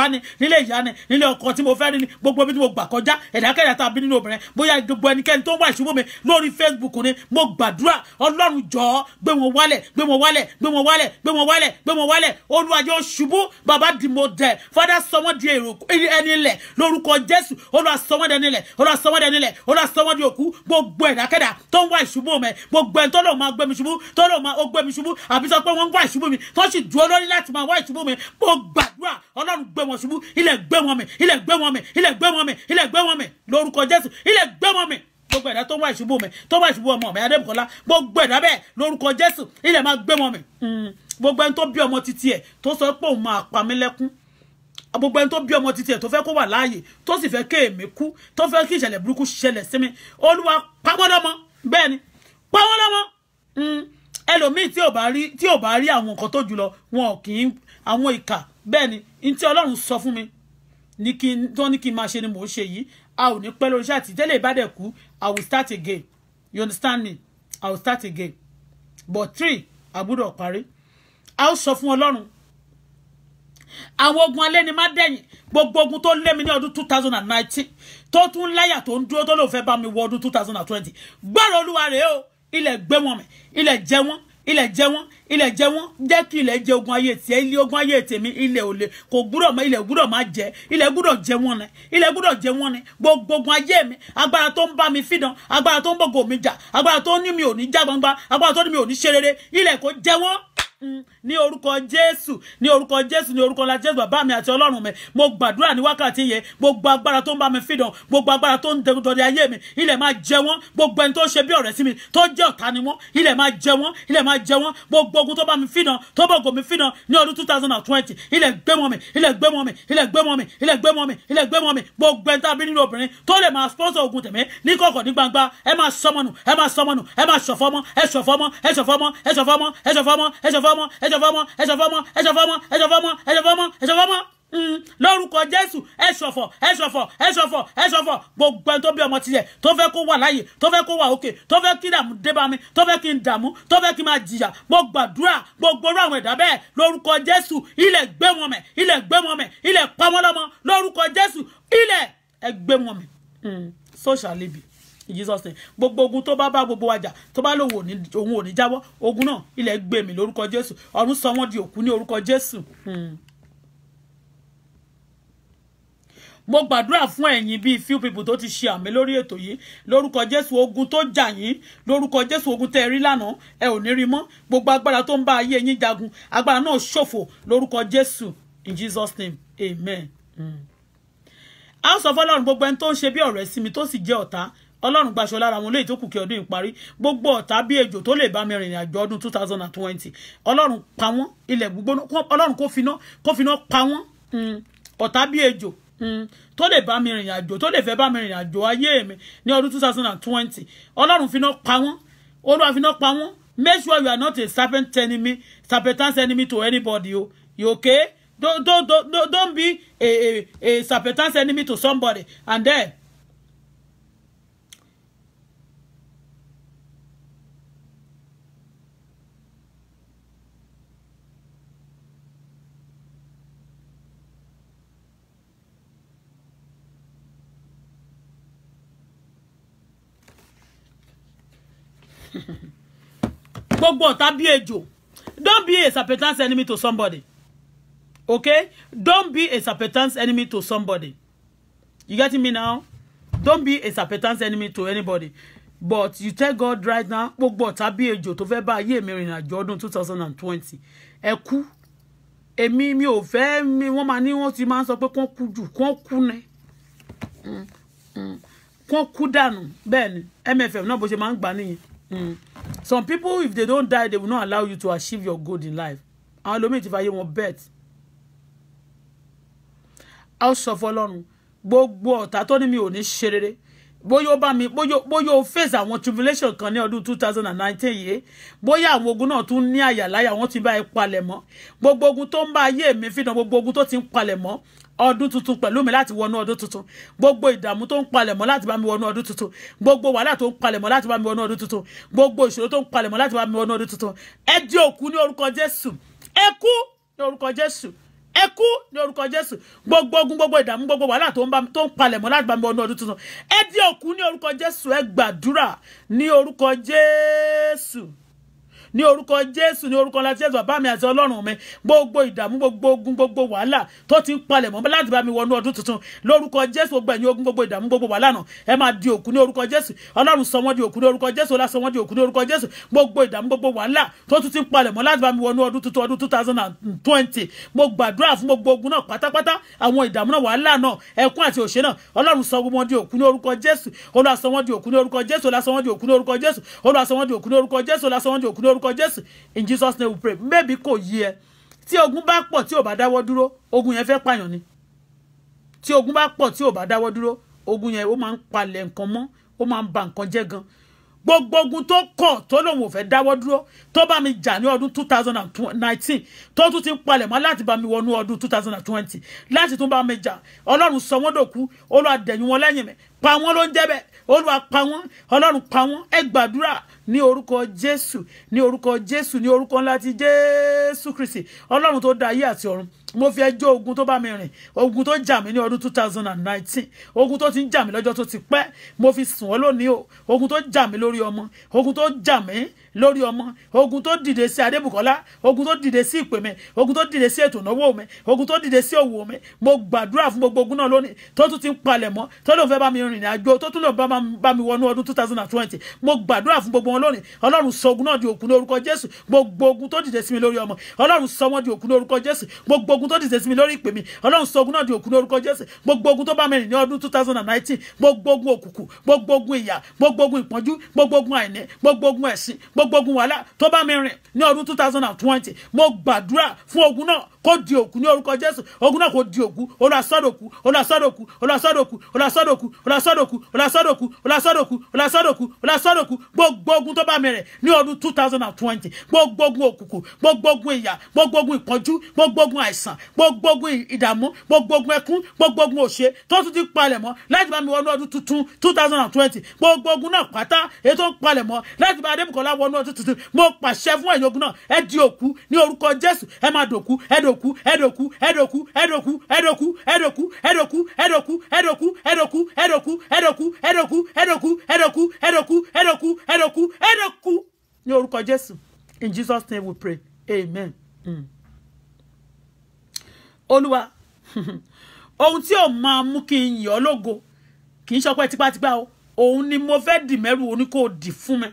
ni nílé ìyá ni nílé ọkọ tí ni gbogbo ibi tí mo gbà nínú obìnrin bóyá gbogbo ẹnikẹ́ni tó wà ìṣubú mi lórí Facebook ni mo gbàdúrà ọlọ́run jọ̀ọ́ gbé wọn wálẹ̀ gbé wọn wálẹ̀ gbé wọn wálẹ̀ gbé wọn wálẹ̀ gbé wọn wálẹ̀ olùwàjọ ṣubú bàbá di mo dẹ̀ fada sọmọ di èrò ẹni lẹ̀ lórúkọ Jésù olúwa sọmọ dẹni lẹ̀ olúwa sọmọ dẹni lẹ̀ olúwa sọmọ di òkú gbogbo ẹ̀dákẹ́dá tó ń wá ìṣubú mi gbogbo ẹni tó lọ́ọ́ máa gbé mi ṣubú tó lọ́ọ́ máa ó gbé mi ṣubú àbí sọ pé wọ́n ń wá ìṣubú mi tó sì dúró lórí láti máa wá ìṣubú mi mo gbàdúrà ọlọ́run gbé wọn ṣubú ilẹ̀ gbé wọn mi ilẹ̀ gbé wọn mi ilẹ̀ gbé wọn mi ilẹ̀ gbé wọn mi lórúkọ Jésù jésù ilẹ̀ gbẹ́mọ̀ mi gbogbo ẹ̀dá tó ń wá ìṣubú mi tó ń wá ìṣubú ọmọ mi adébùkọ́lá gbogbo ẹ̀dá bẹ́ẹ̀ lórúkọ jésù ilẹ̀ máa gbẹ́mọ̀ mi mm. gbogbo ẹni tó bí ọmọ títí ẹ̀ tó sọ pé òun máa pa mí lẹ́kún gbogbo ẹni tó bí ọmọ títí ẹ̀ tó fẹ́ kó wà láàyè tó sì fẹ́ ké èmi kú tó fẹ́ kí ìṣẹ̀lẹ̀ burúkú ṣẹlẹ̀ sí mi olúwa pawọ́lọ́mọ bẹ́ẹ̀ ni pawọ́lọ́mọ mm. ẹlòmíì tí ò bá rí tí ò bá rí àwọn nǹkan tó jùlọ wọn kì í àwọn ìkà bẹ́ẹ̀ ni ntí ọlọ́run sọ fún mi ní kí n tó ní kí n máa ṣe ni mò ń ṣe yìí a ò ní pẹ́ lórí iṣẹ́ àti ìdílé ìbádẹ́ kú i will start again you understand me i will start again but three àgbúdọ̀ parí a ó sọ fún ọlọ́run àwọn ogun alẹ́ ni má dẹ̀yìn gbogbo ogun tó lé mi ní ọdún two thousand and nineteen tó tún láyà tó ń dúró tó lòun fẹ́ bá mi wọ ọdún two thousand and twenty gbọ́dọ̀ olúwa rèé o ilẹ̀ gbé wọn mì ilẹ̀ jẹ wọn ilẹ̀ jẹ wọ́n ilẹ̀ jẹ wọ́n jẹ́ kí ilẹ̀ jẹ ogun ayé tiẹ̀ ilé ogun ayé tèmi ilẹ̀ ò lè kò gbúdọ̀ mọ ilẹ̀ gbúdọ̀ má jẹ ilẹ̀ gbúdọ̀ jẹ wọ́n ni ilẹ̀ gbúdọ̀ jẹ wọ́n ni gbogbo ogun ayé mi agbára tó ń bá mi fìdán agbára tó ń bògò mi jà agbára tó ní mi ò ní já gbangba agbára tó ní mi ò ní ṣe rere ilẹ̀ kò jẹ wọ́n Mm, ní orúkọ jésù ní orúkọ jésù ní orúkọ la jésù bàbá mi àti ọlọ́run mi mo gbàdúrà ní wákàtí yẹn gbogbo agbára tó ń bá mi fìdàn gbogbo agbára tó ń dẹdọdẹ ayé mi ilẹ̀ máa jẹ wọ́n gbogbo ẹni tó ṣe bí ọ̀rẹ́ sí mi tó jẹ́ ọ̀tá ni wọ́n ilẹ̀ máa jẹ wọ́n ilẹ̀ máa jẹ wọ́n gbogbo ogun tó bá mi fìdàn tó bọ̀gọ̀ mi fìdàn ní ọdún two thousand and twenty ilẹ̀ gbé mọ́ mi ilẹ̀ gbé mọ́ mi ilẹ̀ gbé mọ́ mi ilẹ̀ gbé mọ́ mi ilẹ̀ gbé mọ́ mi gbogbo ẹni tábí sponsor ogun tẹ̀mí ní kọ̀kọ̀ ní gbangba ẹ máa sọmọnù ẹ máa sọmọnù ẹ máa ṣọ̀fọ́mọ́ ẹ ṣọ̀fọ́mọ́ ẹ ṣọ̀fọ́mọ́ ẹ ṣọ̀fọ́mọ́ ẹ ṣọ̀fọ́mọ́ ẹ ṣọ̀fọ́mọ́ fọmọ ẹjọ fọmọ ẹjọ fọmọ ẹjọ fọmọ ẹjọ fọmọ ẹjọ fọmọ ẹjọ fọmọ mm, lórúkọ jésù ẹ ṣọ̀fọ̀ ẹ ṣọ̀fọ̀ ẹ ṣọ̀fọ̀ ẹ ṣọ̀fọ̀ gbogbo ẹni tó bí ọmọ tiẹ̀ tó fẹ́ kó wà láàyè tó fẹ́ kó wà òkè tó fẹ́ kí dààmú dé bá mi tó fẹ́ kí n dààmú tó fẹ́ kí n máa jìyà mo gbàdúrà gbogbo orú àwọn ẹ̀dá bẹ́ẹ̀ lórúkọ jésù ilẹ̀ gbé wọn mẹ̀ ilẹ̀ gbé wọn mẹ̀ ilẹ̀ pa wọn lọ́mọ lórúkọ jésù ilẹ̀ ẹ gbé wọn mẹ̀ mm, so shall it be in Jesus name gbogbo ogun tó bá bá gbogbo wa jà tó bá lòun òun ò ní jáwọ́ ogun náà ilẹ̀ gbé mi lórúkọ Jésù ọ̀run sọ wọ́n di òkú ní orúkọ Jésù. Hmm. mo gbàdúrà fún ẹ̀yin bíi few people tó ti ṣe àmì lórí ètò yìí lórúkọ Jésù ogun tó jà yín lórúkọ Jésù ogun tẹ́ ẹ rí lánàá ẹ ò ní rí mọ́ gbogbo agbára tó ń bá ayé yín jagun agbára náà ṣòfò lórúkọ Jésù in Jesus name amen. Mm. house of Ọlọ́run gbogbo ẹni tó ń ṣe bí ọ̀rẹ́ sí mi tó sì jẹ́ ọ̀tá ọlọ́run gbaṣọ lára wọn léyìí tó kù kí ọdún ìparí gbogbo ọ̀tá bí ejò tó lè bá mi rìnrìn àjò ọdún two thousand and twenty ọlọ́run pa wọ́n ilẹ̀ gbígbóná ọlọ́run kó finá kó finá pa wọ́n hmm, ọ̀tá bí ejò hmm, tó lè bá mi rìnrìn àjò tó lè fẹ́ bá mi rìnrìn àjò ayé mi ní ọdún two thousand and twenty ọlọ́run finá pa wọ́n olúwa finá pa wọ́n make sure you are not a serpent enemy serpent enemy to anybody o you okay don't don't don't don't be a a a serpentance enemy to somebody and then gbogbo ọ̀tá bí ejò don't be a serpentance enemy to somebody okay don't be a serpentance enemy to somebody you getting me now don't be a serpentance enemy to anybody but you tell God right now gbogbo ọ̀tá bí ejò tó fẹ́ bá ayé mi rìnrìn àjò ọdún two thousand and twenty ẹ kú èmi mi ò fẹ́ mi wọ́n máa ní wọ́n ti máa ń sọ pé kán kú jù kán kú ni mm, mm. kán kú dànù ni MFM náà bó ṣe máa ń gbà nìyẹn Mm. Some people, if they don't die, they will not allow you to achieve your goal in life. I'll admit if I wọn bet. I'll suffer long. fọ́lọ́run gbogbo ọ̀tá tó ní mi ò ní ṣe rere bóyá ó bá mi bóyá ó face what tribulation can you do? two thousand and nineteen yìí bóyá àwọn ogun náà tún ní àyàláyà wọ́n ti bá ẹ palẹ̀ mọ́ gbogbo ogun tó ń bá ayé mi fìdán gbogbo ogun tó ti ń palẹ̀ mọ́ ọdún tuntun pẹ̀lú mi láti wọnú ọdún tuntun gbogbo ìdààmú tó ń palẹ̀ mọ́ láti bá mi wọnú ọdún tuntun gbogbo wàhálà tó ń palẹ̀ mọ́ láti bá mi wọnú ọdún tuntun gbogbo ìṣòro tó ń palẹ̀ mọ́ láti bá mi wọnú ọdún tuntun ẹ di òkú ní orúkọ Jésù ẹ kú ní orúkọ Jésù ẹ kú ní orúkọ Jésù gbogbo ogun gbogbo ìdààmú gbogbo wàhálà tó ń palẹ̀ mọ́ láti bá mi wọnú ọdún tuntun ẹ di òkú ní orúkọ Jésù ẹ gbàdúrà ní orúkọ Jésù ní orúkọ jésù ní orúkọ láti jésù bàbá mi àti ọlọ́run mi gbogbo ìdààmú gbogbo ogun gbogbo wàhálà tó ti ń palẹ̀ mọ́ láti bá mi wọnú ọdún tuntun lórúkọ jésù gbogbo ẹ̀yin ogun gbogbo ìdààmú gbogbo wàhálà náà ẹ máa di òkú ní orúkọ jésù ọlọ́run sọ wọ́n di òkú ní orúkọ jésù ọlá sọ wọ́n di òkú ní orúkọ jésù gbogbo ìdààmú gbogbo wàhálà tó ti ń palẹ̀ mọ́ láti bá mi wọnú ọdún tuntun ọdún two thousand and twenty mo gbàdúrà fún gbogbo ogun náà pátápátá àwọn ìdààmú náà wàhálà náà ẹkún àti òṣè náà ọlọ́run sọ wọ́n di òkú ní orúkọ jésù olúwa sọ wọ́n di òkú ní orúkọ jésù olúwa sọ wọ́n di òkú ní orúkọ jésù olúwa sọ wọ́n di òkú ní orúkọ jésù olúwa sọ wọ́n di òkú ní orúkọ lórúkọ jésù in jesus name we pray maybe kò yí ẹ tí ogun bá pọ̀ tí ò bá dáwọ́ dúró ogun yẹn fẹ́ pààyàn ni tí ogun bá pọ̀ tí ò bá dáwọ́ dúró ogun yẹn ó máa ń palẹ̀ nǹkan mọ́ ó máa ń ba nǹkan jẹ́ gan gbogbo ogun tó kọ̀ tó lòun ò fẹ́ dáwọ́ dúró tó bá mi jà ní ọdún two thousand and nineteen tó tún ti ń palẹ̀ mọ́ láti bá mi wọnú ọdún two thousand and twenty láti tún bá mi jà ọlọ́run sọ wọ́n dòkú olúwa dẹ̀yìn wọn lẹ́yìn mi pa wọ́n ló ń jẹ́ bẹ́ẹ̀ olúwa pa wọ́n ọlọ́run pa wọ́n ẹ gbàdúrà ní orúkọ jésù ní orúkọ jésù ní orúkọ ńlá ti jésù kristi ọlọ́run tó dá ayé àti ọ̀run mo fi ẹjọ́ ogun tó bá mi rìn ogun tó jà mí ní ọdún two thousand and nineteen ogun tó ti ń jà mí lọ́jọ́ tó ti pẹ́ mo fi sùn ọ́ lónìí o ogun tó jà mí lórí ọmọ ogun tó jà mí lórí ọmọ ogun tó dìde sí adébùkọ́lá ogun tó dìde sí ìpè mi ogun tó dìde sí ètò ìnáwó mi ogun tó dìde sí òwò mi mo gbàdúrà fún gbogbo ogun náà lónìí tó tún ti ń palẹ̀ mọ́ tó lóun fẹ́ bá mi rìnrìn àjò tó tún lóun bá mi wọnú ọdún two thousand and twenty mo gbàdúrà fún gbogbo wọn lónìí ọlọ́run sọ ogun náà di òkú ní orúkọ jésù gbogbo ogun tó dìde sí mi lórí ọmọ ọlọ́run sọ wọn di òkú ní orúkọ jésù gbogbo ogun ogun tó dìde sí mi lórí ìpè mi ọlọ́run sọ ogun náà di òkú lórúkọ jésù gbogbo ogun tó bá mẹ́rin ní ọdún two thousand and nineteen gbogbo ogun òkùnkùn gbogbo ogun ìyà gbogbo ogun ìpọ́njú gbogbo ogun àìní gbogbo ogun ẹ̀sìn gbogbo ogun wàhálà tó bá mẹ́rin ní ọdún two thousand and twenty mo gbàdúrà fún ogun náà kó di òkú ní orúkọ jésù ogun náà kó di òkú olùasọdòkú olùasọdòkú olùasọdòkú olùasọdòkú olùasọdòkú olùasọdòkú olùasọdòkú olùasọdòkú olùasọdòkú gbogbo ogun tó bá mẹrẹ ní ọdún two thousand and twenty gbogbo ogun òkùnkùn gbogbo ogun ìyà gbogbo ogun ìpọ́njú gbogbo ogun àìsàn gbogbo ogun ìdààmú gbogbo ogun ẹkún gbogbo ogun òṣè tó tún ti palẹ̀ mọ́ láti bá mi wọnú ọdún tuntun two thousand and twenty gbogbo ogun náà pátá èyí tó ń palẹ̀ mọ́ láti bá mo pàṣẹ fún ẹ̀yin ogun náà ẹ ẹdòkú ẹdòkú ẹdòkú ẹdòkú ẹdòkú ẹdòkú ẹdòkú ẹdòkú ẹdòkú ẹdòkú ẹdòkú ẹdòkú ẹdòkú ẹdòkú ẹdòkú ẹdòkú ẹdòkú ẹdòkú ẹdòkú ní orúkọ Jésù in Jesus name we pray amen. Olúwa ohun tí ò máa mú kí n yọ̀ lógo kì í ṣọpẹ́ tipátipá o òun ni mo fẹ́ dì mẹ́rù oníkó dì fún mi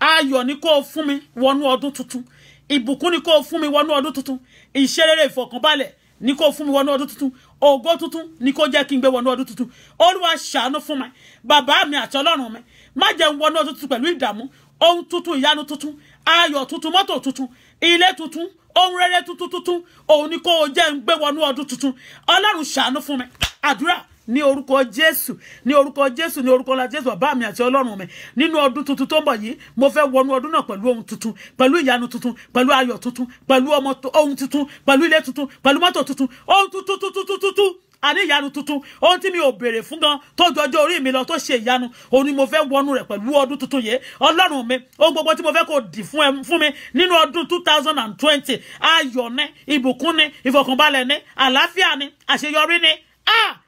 ayọ̀ ni kó o fún mi wọnú ọdún tuntun ìbùkún ni kó fún mi wọnú ọdún tuntun ìṣerere ìfọ̀kànbalẹ̀ ni kó fún mi wọnú ọdún tuntun ògo tuntun ni kó jẹ́ kí n gbé wọnú ọdún tuntun olúwa ṣàánú fún mi bàbá mi àti ọlọ́run mi má jẹ́ n wọnú ọdún tuntun pẹ̀lú ìdààmú ohun tuntun ìyanu tuntun ayọ̀ tuntun mọ́tò tuntun ilé tuntun ohun rere tuntun tuntun òun ni kó jẹ́ n gbé wọnú ọdún tuntun ọlọ́run ṣàánú fún mi àdúrà ní orúkọ jésù ní orúkọ jésù ní orúkọ la jésù bàbá mi àti ọlọ́run mi nínú ọdún tuntun tó ń bọ̀ yìí mo fẹ́ wọnú ọdún náà pẹ̀lú ohun tuntun pẹ̀lú ìyanu tuntun pẹ̀lú ayọ̀ tuntun pẹ̀lú ọmọ ohun tuntun pẹ̀lú ilé tuntun pẹ̀lú mọ́tò tuntun ohun tuntun tuntun tuntun tuntun àní ìyanu tuntun ohun tí mi ò béèrè fún gan tó jọjọ orí mi lọ tó ṣe ìyanu òun ni mo fẹ́ wọnú rẹ̀ pẹ̀lú ọdún tuntun yìí ọlọ́run mi ohun gbogbo tí mo fẹ́ kó dì fún mi nínú ọdún two thousand and twenty ayọ̀ ni ìbùkún ni ìfọ̀kànbalẹ̀ ni àlàáfíà ni àṣeyọrí ni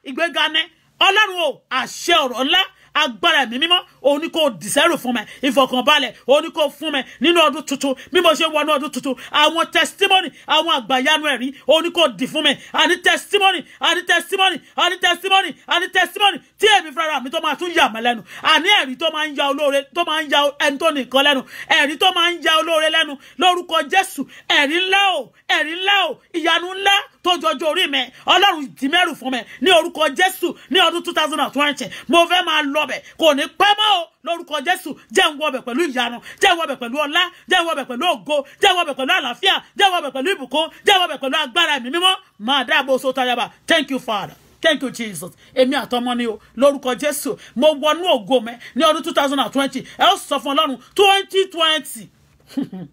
ìgbéga ní ọlọ́run o àṣẹ ọ̀rọ̀ ńlá agbára ẹ̀mí mímọ́ òun ni kò dìsẹ́rù fún mi ìfọ̀kànbalẹ̀ òun ni kò fún mi nínú ọdún tuntun bí mo ṣe wọnú ọdún tuntun àwọn testimony àwọn àgbàyanu ẹ̀rí òun ni kò dì fún mi àní testimony àní testimony àní testimony àní testimony tí èmi fúnra mi tó máa tún yà mí lẹ́nu àní ẹ̀rí tó máa ń ya olóore tó máa ń ya ẹni tó nìkan lẹ́nu ẹ̀rí tó máa ń ya olóore lẹ́nu lórúkọ Jésù ẹ̀rí o ẹ̀rí ńlá o ìyanu ńlá tó jọjọ orí mi ọlọ́run dì fún mi ní orúkọ jésù ní ọdún two thousand and twenty mo fẹ́ máa lọ bẹ̀ kò ní pẹ́ mọ́ o lórúkọ jésù jẹ́ ń pẹ̀lú ìyanu jẹ́ ń pẹ̀lú ọlá jẹ́ ń pẹ̀lú ògo jẹ́ ń pẹ̀lú àlàáfíà jẹ́ ń pẹ̀lú ìbùkún jẹ́ ń pẹ̀lú agbára ẹ̀mí mímọ́ máa dáàbò so tayaba thank you father thank you jesus èmi àtọmọ ni o lórúkọ jésù mo wọnú ògo mẹ ní ọdún two thousand and twenty ẹ ó sọ fún ọlọ́run twenty twenty.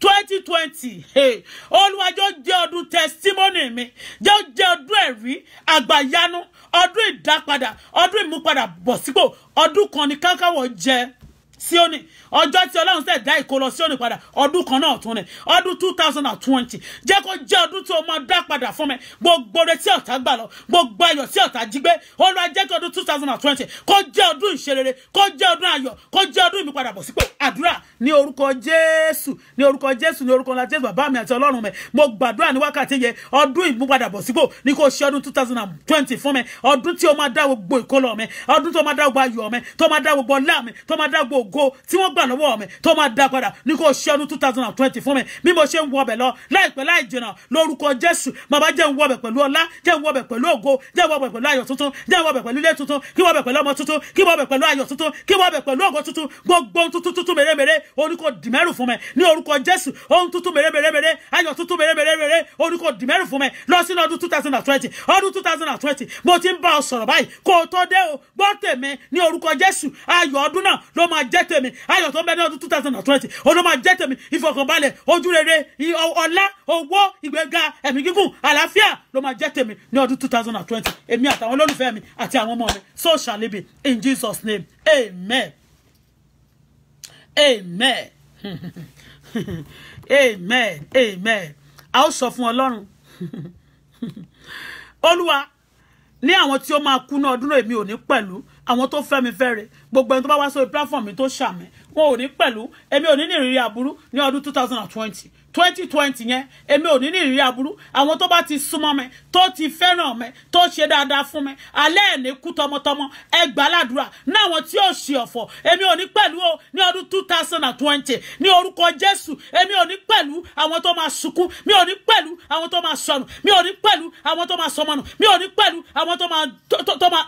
twenty twenty olúwa jọ jẹ́ ọdún testimony mi jọ jẹ́ ọdún ẹ̀rí àgbàyanu ọdún ìdápadà ọdún ìmúpadà bọ̀ sípò ọdún kan ní kákáwọ̀ jẹ́ Síónì ọjọ́ tí ọlọ́run ṣẹ̀ dá ìkó lọ Síónì padà ọdún kan náà tún ni ọdún two thousand and twenty jẹ́ kó jẹ́ ọdún tí o máa dá padà fún mi gbogbo rẹ tí ọ̀tá gbà lọ gbogbo ayọ̀ tí ọ̀tá jí gbé Olúwa jẹ́ kí ọdún two thousand and twenty kó jẹ́ ọdún ìṣerere kó jẹ́ ọdún ayọ̀ kó jẹ́ ọdún ìmúpadà bọ̀ sípò àdúrà ní orúkọ Jésù ní orúkọ Jésù ní orúkọ ńlá Jésù bàbá mi àti ọlọ́run mi mo gbàdúrà ní wákàtí yẹn ọdún ìmúpadà bọ̀ sípò ní kó ṣe ọdún two thousand and twenty fún mi ọdún tí o máa dá gbogbo ìkólọ mi ọdún tó máa dá gbogbo ayọ̀ mi tó máa dá gbogbo ọlá mi tó máa dá gbogbo ògo tí wọ́n gbà lọ́wọ́ mi tó máa dá padà ní kò ṣe ọdún two thousand and twenty fún mi bí mo ṣe ń wọbẹ̀ lọ láìpẹ́ láì jìnnà lórúkọ Jésù bàbá jẹ́ ń wọbẹ̀ pẹ̀lú ọlá jẹ́ ń wọbẹ̀ pẹ̀lú ògo jẹ́ ń wọbẹ̀ pẹ̀lú ayọ̀ tuntun jẹ́ ń wọbẹ̀ pẹ̀lú ilé tuntun kí wọbẹ̀ pẹ̀lú ọmọ tuntun kí wọbẹ̀ pẹ̀lú ayọ̀ tuntun kí wọbẹ̀ pẹ̀lú ògo tuntun gbogbo tuntun tuntun mèremère orúkọ dìmẹ́rù fún mi ní orúkọ Jésù ohun tuntun mèremère ayọ̀ tuntun mèremère orúkọ dìmẹ́rù fún mi lọ sínú ọdún two thousand and twenty ọdún two thousand and twenty mo ti ń bá ọ sọ̀rọ̀ báyìí kó o tó dé o gbọ́ tèmi ní orúkọ Jésù ayọ̀ ọdún náà ló máa jẹ́ jẹ́ tèmi ayọ̀ tó ń bẹ ní ọdún two thousand and twenty òun ló máa jẹ́ tèmi ìfọkànbalẹ̀ ojú rere ọlá owó ìgbéga ẹ̀mí gígùn àlàáfíà ló máa jẹ́ tèmi ní ọdún two thousand and twenty èmi àtàwọn olólùfẹ́ mi àti àwọn ọmọ mi so shall it be in Jesus name amen amen amen amen a ó sọ fún Ọlọ́run olúwa ní àwọn tí ó máa kú ní ọdún náà èmi ò ní pẹ̀lú àwọn tó fẹ́ mi fẹ́re gbogbo ẹni tó bá wá sórí platform mi tó ṣàmì wọn ò ní pẹ̀lú èmi ò ní ní ìrírí aburú ní ọdún two thousand and twenty twenty twenty yẹn èmi ò ní ní ìrírí aburú àwọn tó bá ti súnmọ́ mi tó ti fẹ́ràn mi tó ṣe dáadáa fún mi alẹ́ ẹ̀ní kú tọmọtọmọ ẹgbàá ládùúrà náà wọn tí yóò ṣe ọ̀fọ̀ èmi ò ní pẹ̀lú o ní ọdún two thousand and twenty ní orúkọ jésù èmi ò ní pẹ̀lú àwọn tó máa sunkún mi ò ní pẹ̀lú àwọn tó máa sọnù mi ò ní pẹ̀lú àwọn tó máa sọmọnù mi ò ní pẹ̀lú àwọn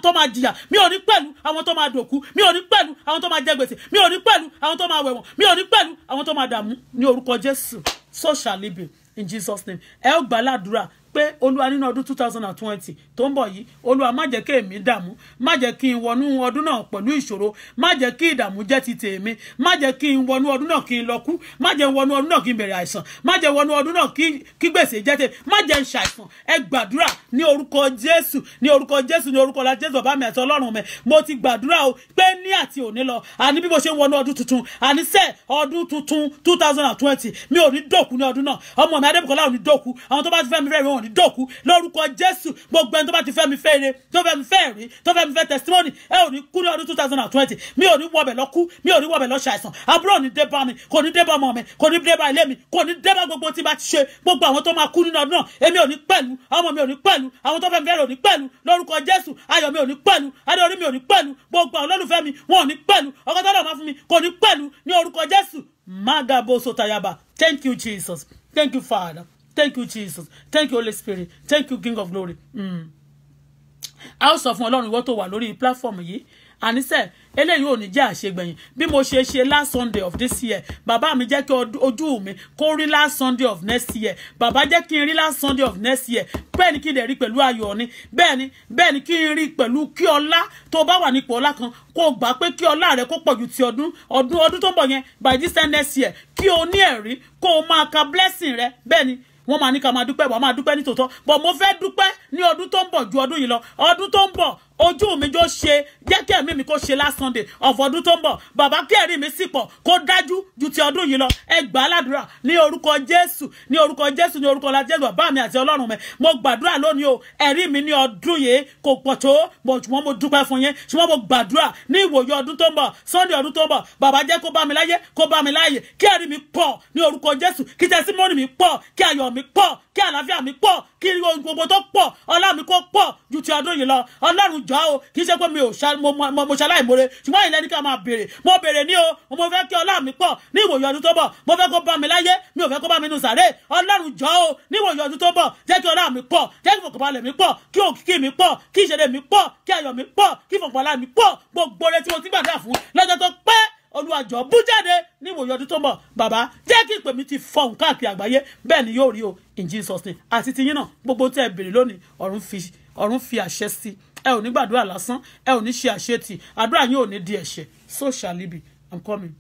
tó máa jìyà mi ò ní pẹ̀lú àwọn tó máa dòkú mi ò ní pẹ̀lú àwọn tó máa jẹ gbèsè mi ò ní pẹ̀lú àwọn tó máa wẹ̀wọ̀n mi ò ní pẹ̀lú àwọn tó máa dààmú ní orúkọ jésù so shall it be in Jesus name ẹ ó gbàládùra pé olúwa nínú ọdún two thousand and twenty tó ń bọ̀ yìí olúwa má jẹ́ kí èmi dààmú má jẹ́ kí n wọnú ọdún náà pẹ̀lú ìṣòro má jẹ́ kí ìdààmú jẹ́ ti tèmi má jẹ́ kí n wọnú ọdún náà kí n lọ kú má jẹ́ wọnú ọdún náà kí n bẹ̀rẹ̀ àìsàn má jẹ́ wọnú ọdún náà kí gbèsè jẹ́ tèmi má jẹ́ n ṣàìsàn ẹ gbàdúrà ní orúkọ jésù ní orúkọ jésù ní orúkọ la jésù bàbá mi àti ọlọ́run mo ti gbàdúrà o pé ní àti òní lọ àní bí mo ṣe ń wọnú ọdún tuntun àní sẹ́ ọdún tuntun two thousand and twenty mi ò ní dòkú ní ọdún náà ọmọ mi adébùkọ́lá ò ní dòkú àwọn tó bá ti fẹ́ mi fẹ́ mi ò ní dòkú lórúkọ jésù gbogbo ẹni tó bá ti fẹ́ mi fẹ́ ire tó fẹ́ mi fẹ́ rí tó fẹ́ mi fẹ́ testimony ẹ ò ní kú ní ọdún two thousand and twenty mi ò ní wọbẹ̀ lọ kú mi ò ní wọbẹ̀ lọ ṣàìsàn àbúrò ní dé bá mi kò ní dé bá ọmọ mi kò ní dé bá ilé mi kò ní dé bá gbogbo tí bá ti ṣe gbogbo àwọn tó máa kú nínú ọdún náà èmi ò ní pẹ̀lú ọmọ mi ò ní pẹ̀lú àwọn tó fẹ́ mi fẹ́ rí ò ní pẹ̀lú lórúkọ Jésù ayọ̀ mi ò ní pẹ̀lú adéorí mi ò ní pẹ̀lú gbogbo àwọn olólùfẹ́ mi wọn ò ní pẹ̀lú ọkọ thank you Jesus thank you Father Thank you, Jesus. Thank you, Holy Spirit. Thank you, King of Glory. Mm a ó sọ fún ọlọ́run ìwọ tó wà lórí platform yìí àníṣe eléyìí ò ní jẹ́ àṣegbẹ̀yìn bí mo ṣe ṣe last sunday of this year bàbá mi jẹ́ kí ojú mi kó rí last sunday of next year bàbá jẹ́ kí n rí last sunday of next year bẹ́ẹ̀ ni kí n lè rí pẹ̀lú ayọ̀ ni bẹ́ẹ̀ ni bẹ́ẹ̀ ni kí n rí pẹ̀lú kí ọlá tó bá wà nípò ọlá kan kó gbà pé kí ọlá rẹ kó pọ̀ ti ọdún ọdún ọdún tó bọ̀ yẹn by this time next year kí o ní ẹ̀rí kó o máa ka blessing rẹ bẹ́ẹ̀ ni wọ́n máa ní ká máa dúpẹ́ wọ́n máa dúpẹ́ nítòótọ́ but mo fẹ́ dúpẹ́ ní ọdún tó ń bọ̀ ju ọdún yìí lọ ọdún tó ń bọ̀ ojú mi jọ ṣe jẹ́ kí ẹ̀mí mi kó ṣe last Sunday of ọdún tó ń bọ̀ bàbá kí ẹ̀rí mi sì pọ̀ kó dájú ju ti ọdún yìí lọ ẹ gbà á ládùúrà ní orúkọ Jésù ní orúkọ Jésù ní orúkọ lajẹ́ bàbá mi àti Ọlọ́run mi mo gbàdúrà lónìí o ẹ̀rí mi ní ọdún yìí kò pọ̀ tó bọ̀ ṣùgbọ́n mo dúpẹ́ fún yín ṣùgbọ́n mo gbàdúrà ní ìwòye ọdún tó ń bọ̀ Sunday ọdún tó ń bọ̀ bàbá jẹ́ kó bá mi láyé kó bá mi láàyè kí ẹ̀rí mi pọ̀ ní orúkọ Jésù kí tẹsímọ́nì mi pọ̀ kí ayọ̀ mi pọ̀ kí àlàáfíà mi pọ̀ kí gbogbo tó pọ̀ ọlá mi kó pọ̀ ju ti ọdún yìí lọ Ọlọ́run j jọ o kì í ṣe pé mi ò mo ṣaláì mọ́re ṣùgbọ́n ìlẹ́ni ká máa béèrè mo béèrè ní o mo fẹ́ kí ọlá mi pọ̀ ní ìwòye ọdún tó bọ̀ mo fẹ́ kó bá mi láyé mi ò fẹ́ kó bá mi nù sàré ọlọ́run jọ o ní ìwòye ọdún tó bọ̀ jẹ́ kí ọlá mi pọ̀ jẹ́ kí ìfọ̀kànbalẹ̀ mi pọ̀ kí òkìkí mi pọ̀ kí ìṣẹ̀lẹ̀ mi pọ̀ kí ayọ̀ mi pọ̀ kí ìfọ̀kànbalẹ̀ mi pọ̀ gbogbo rẹ tí mo ti gbàdúrà fún lọ́jọ́ tó pẹ́ olùwàjọ bú jáde ní ìwòye ọdún tó ń bọ̀ bàbá jẹ́ kí ìpè mi ti fọhùn káàkiri àgbáyé bẹ́ẹ̀ ni yóò rí o in Jesus name àti tiyín náà gbogbo tẹ́ ẹ bèrè lónìí ọ̀run fi àṣẹ sí i ẹ ò ní gbàdúrà lásán ẹ ò ní ṣe àṣetì àdúrà yín ò ní di ẹ̀ṣẹ̀ so shall it be i'm coming.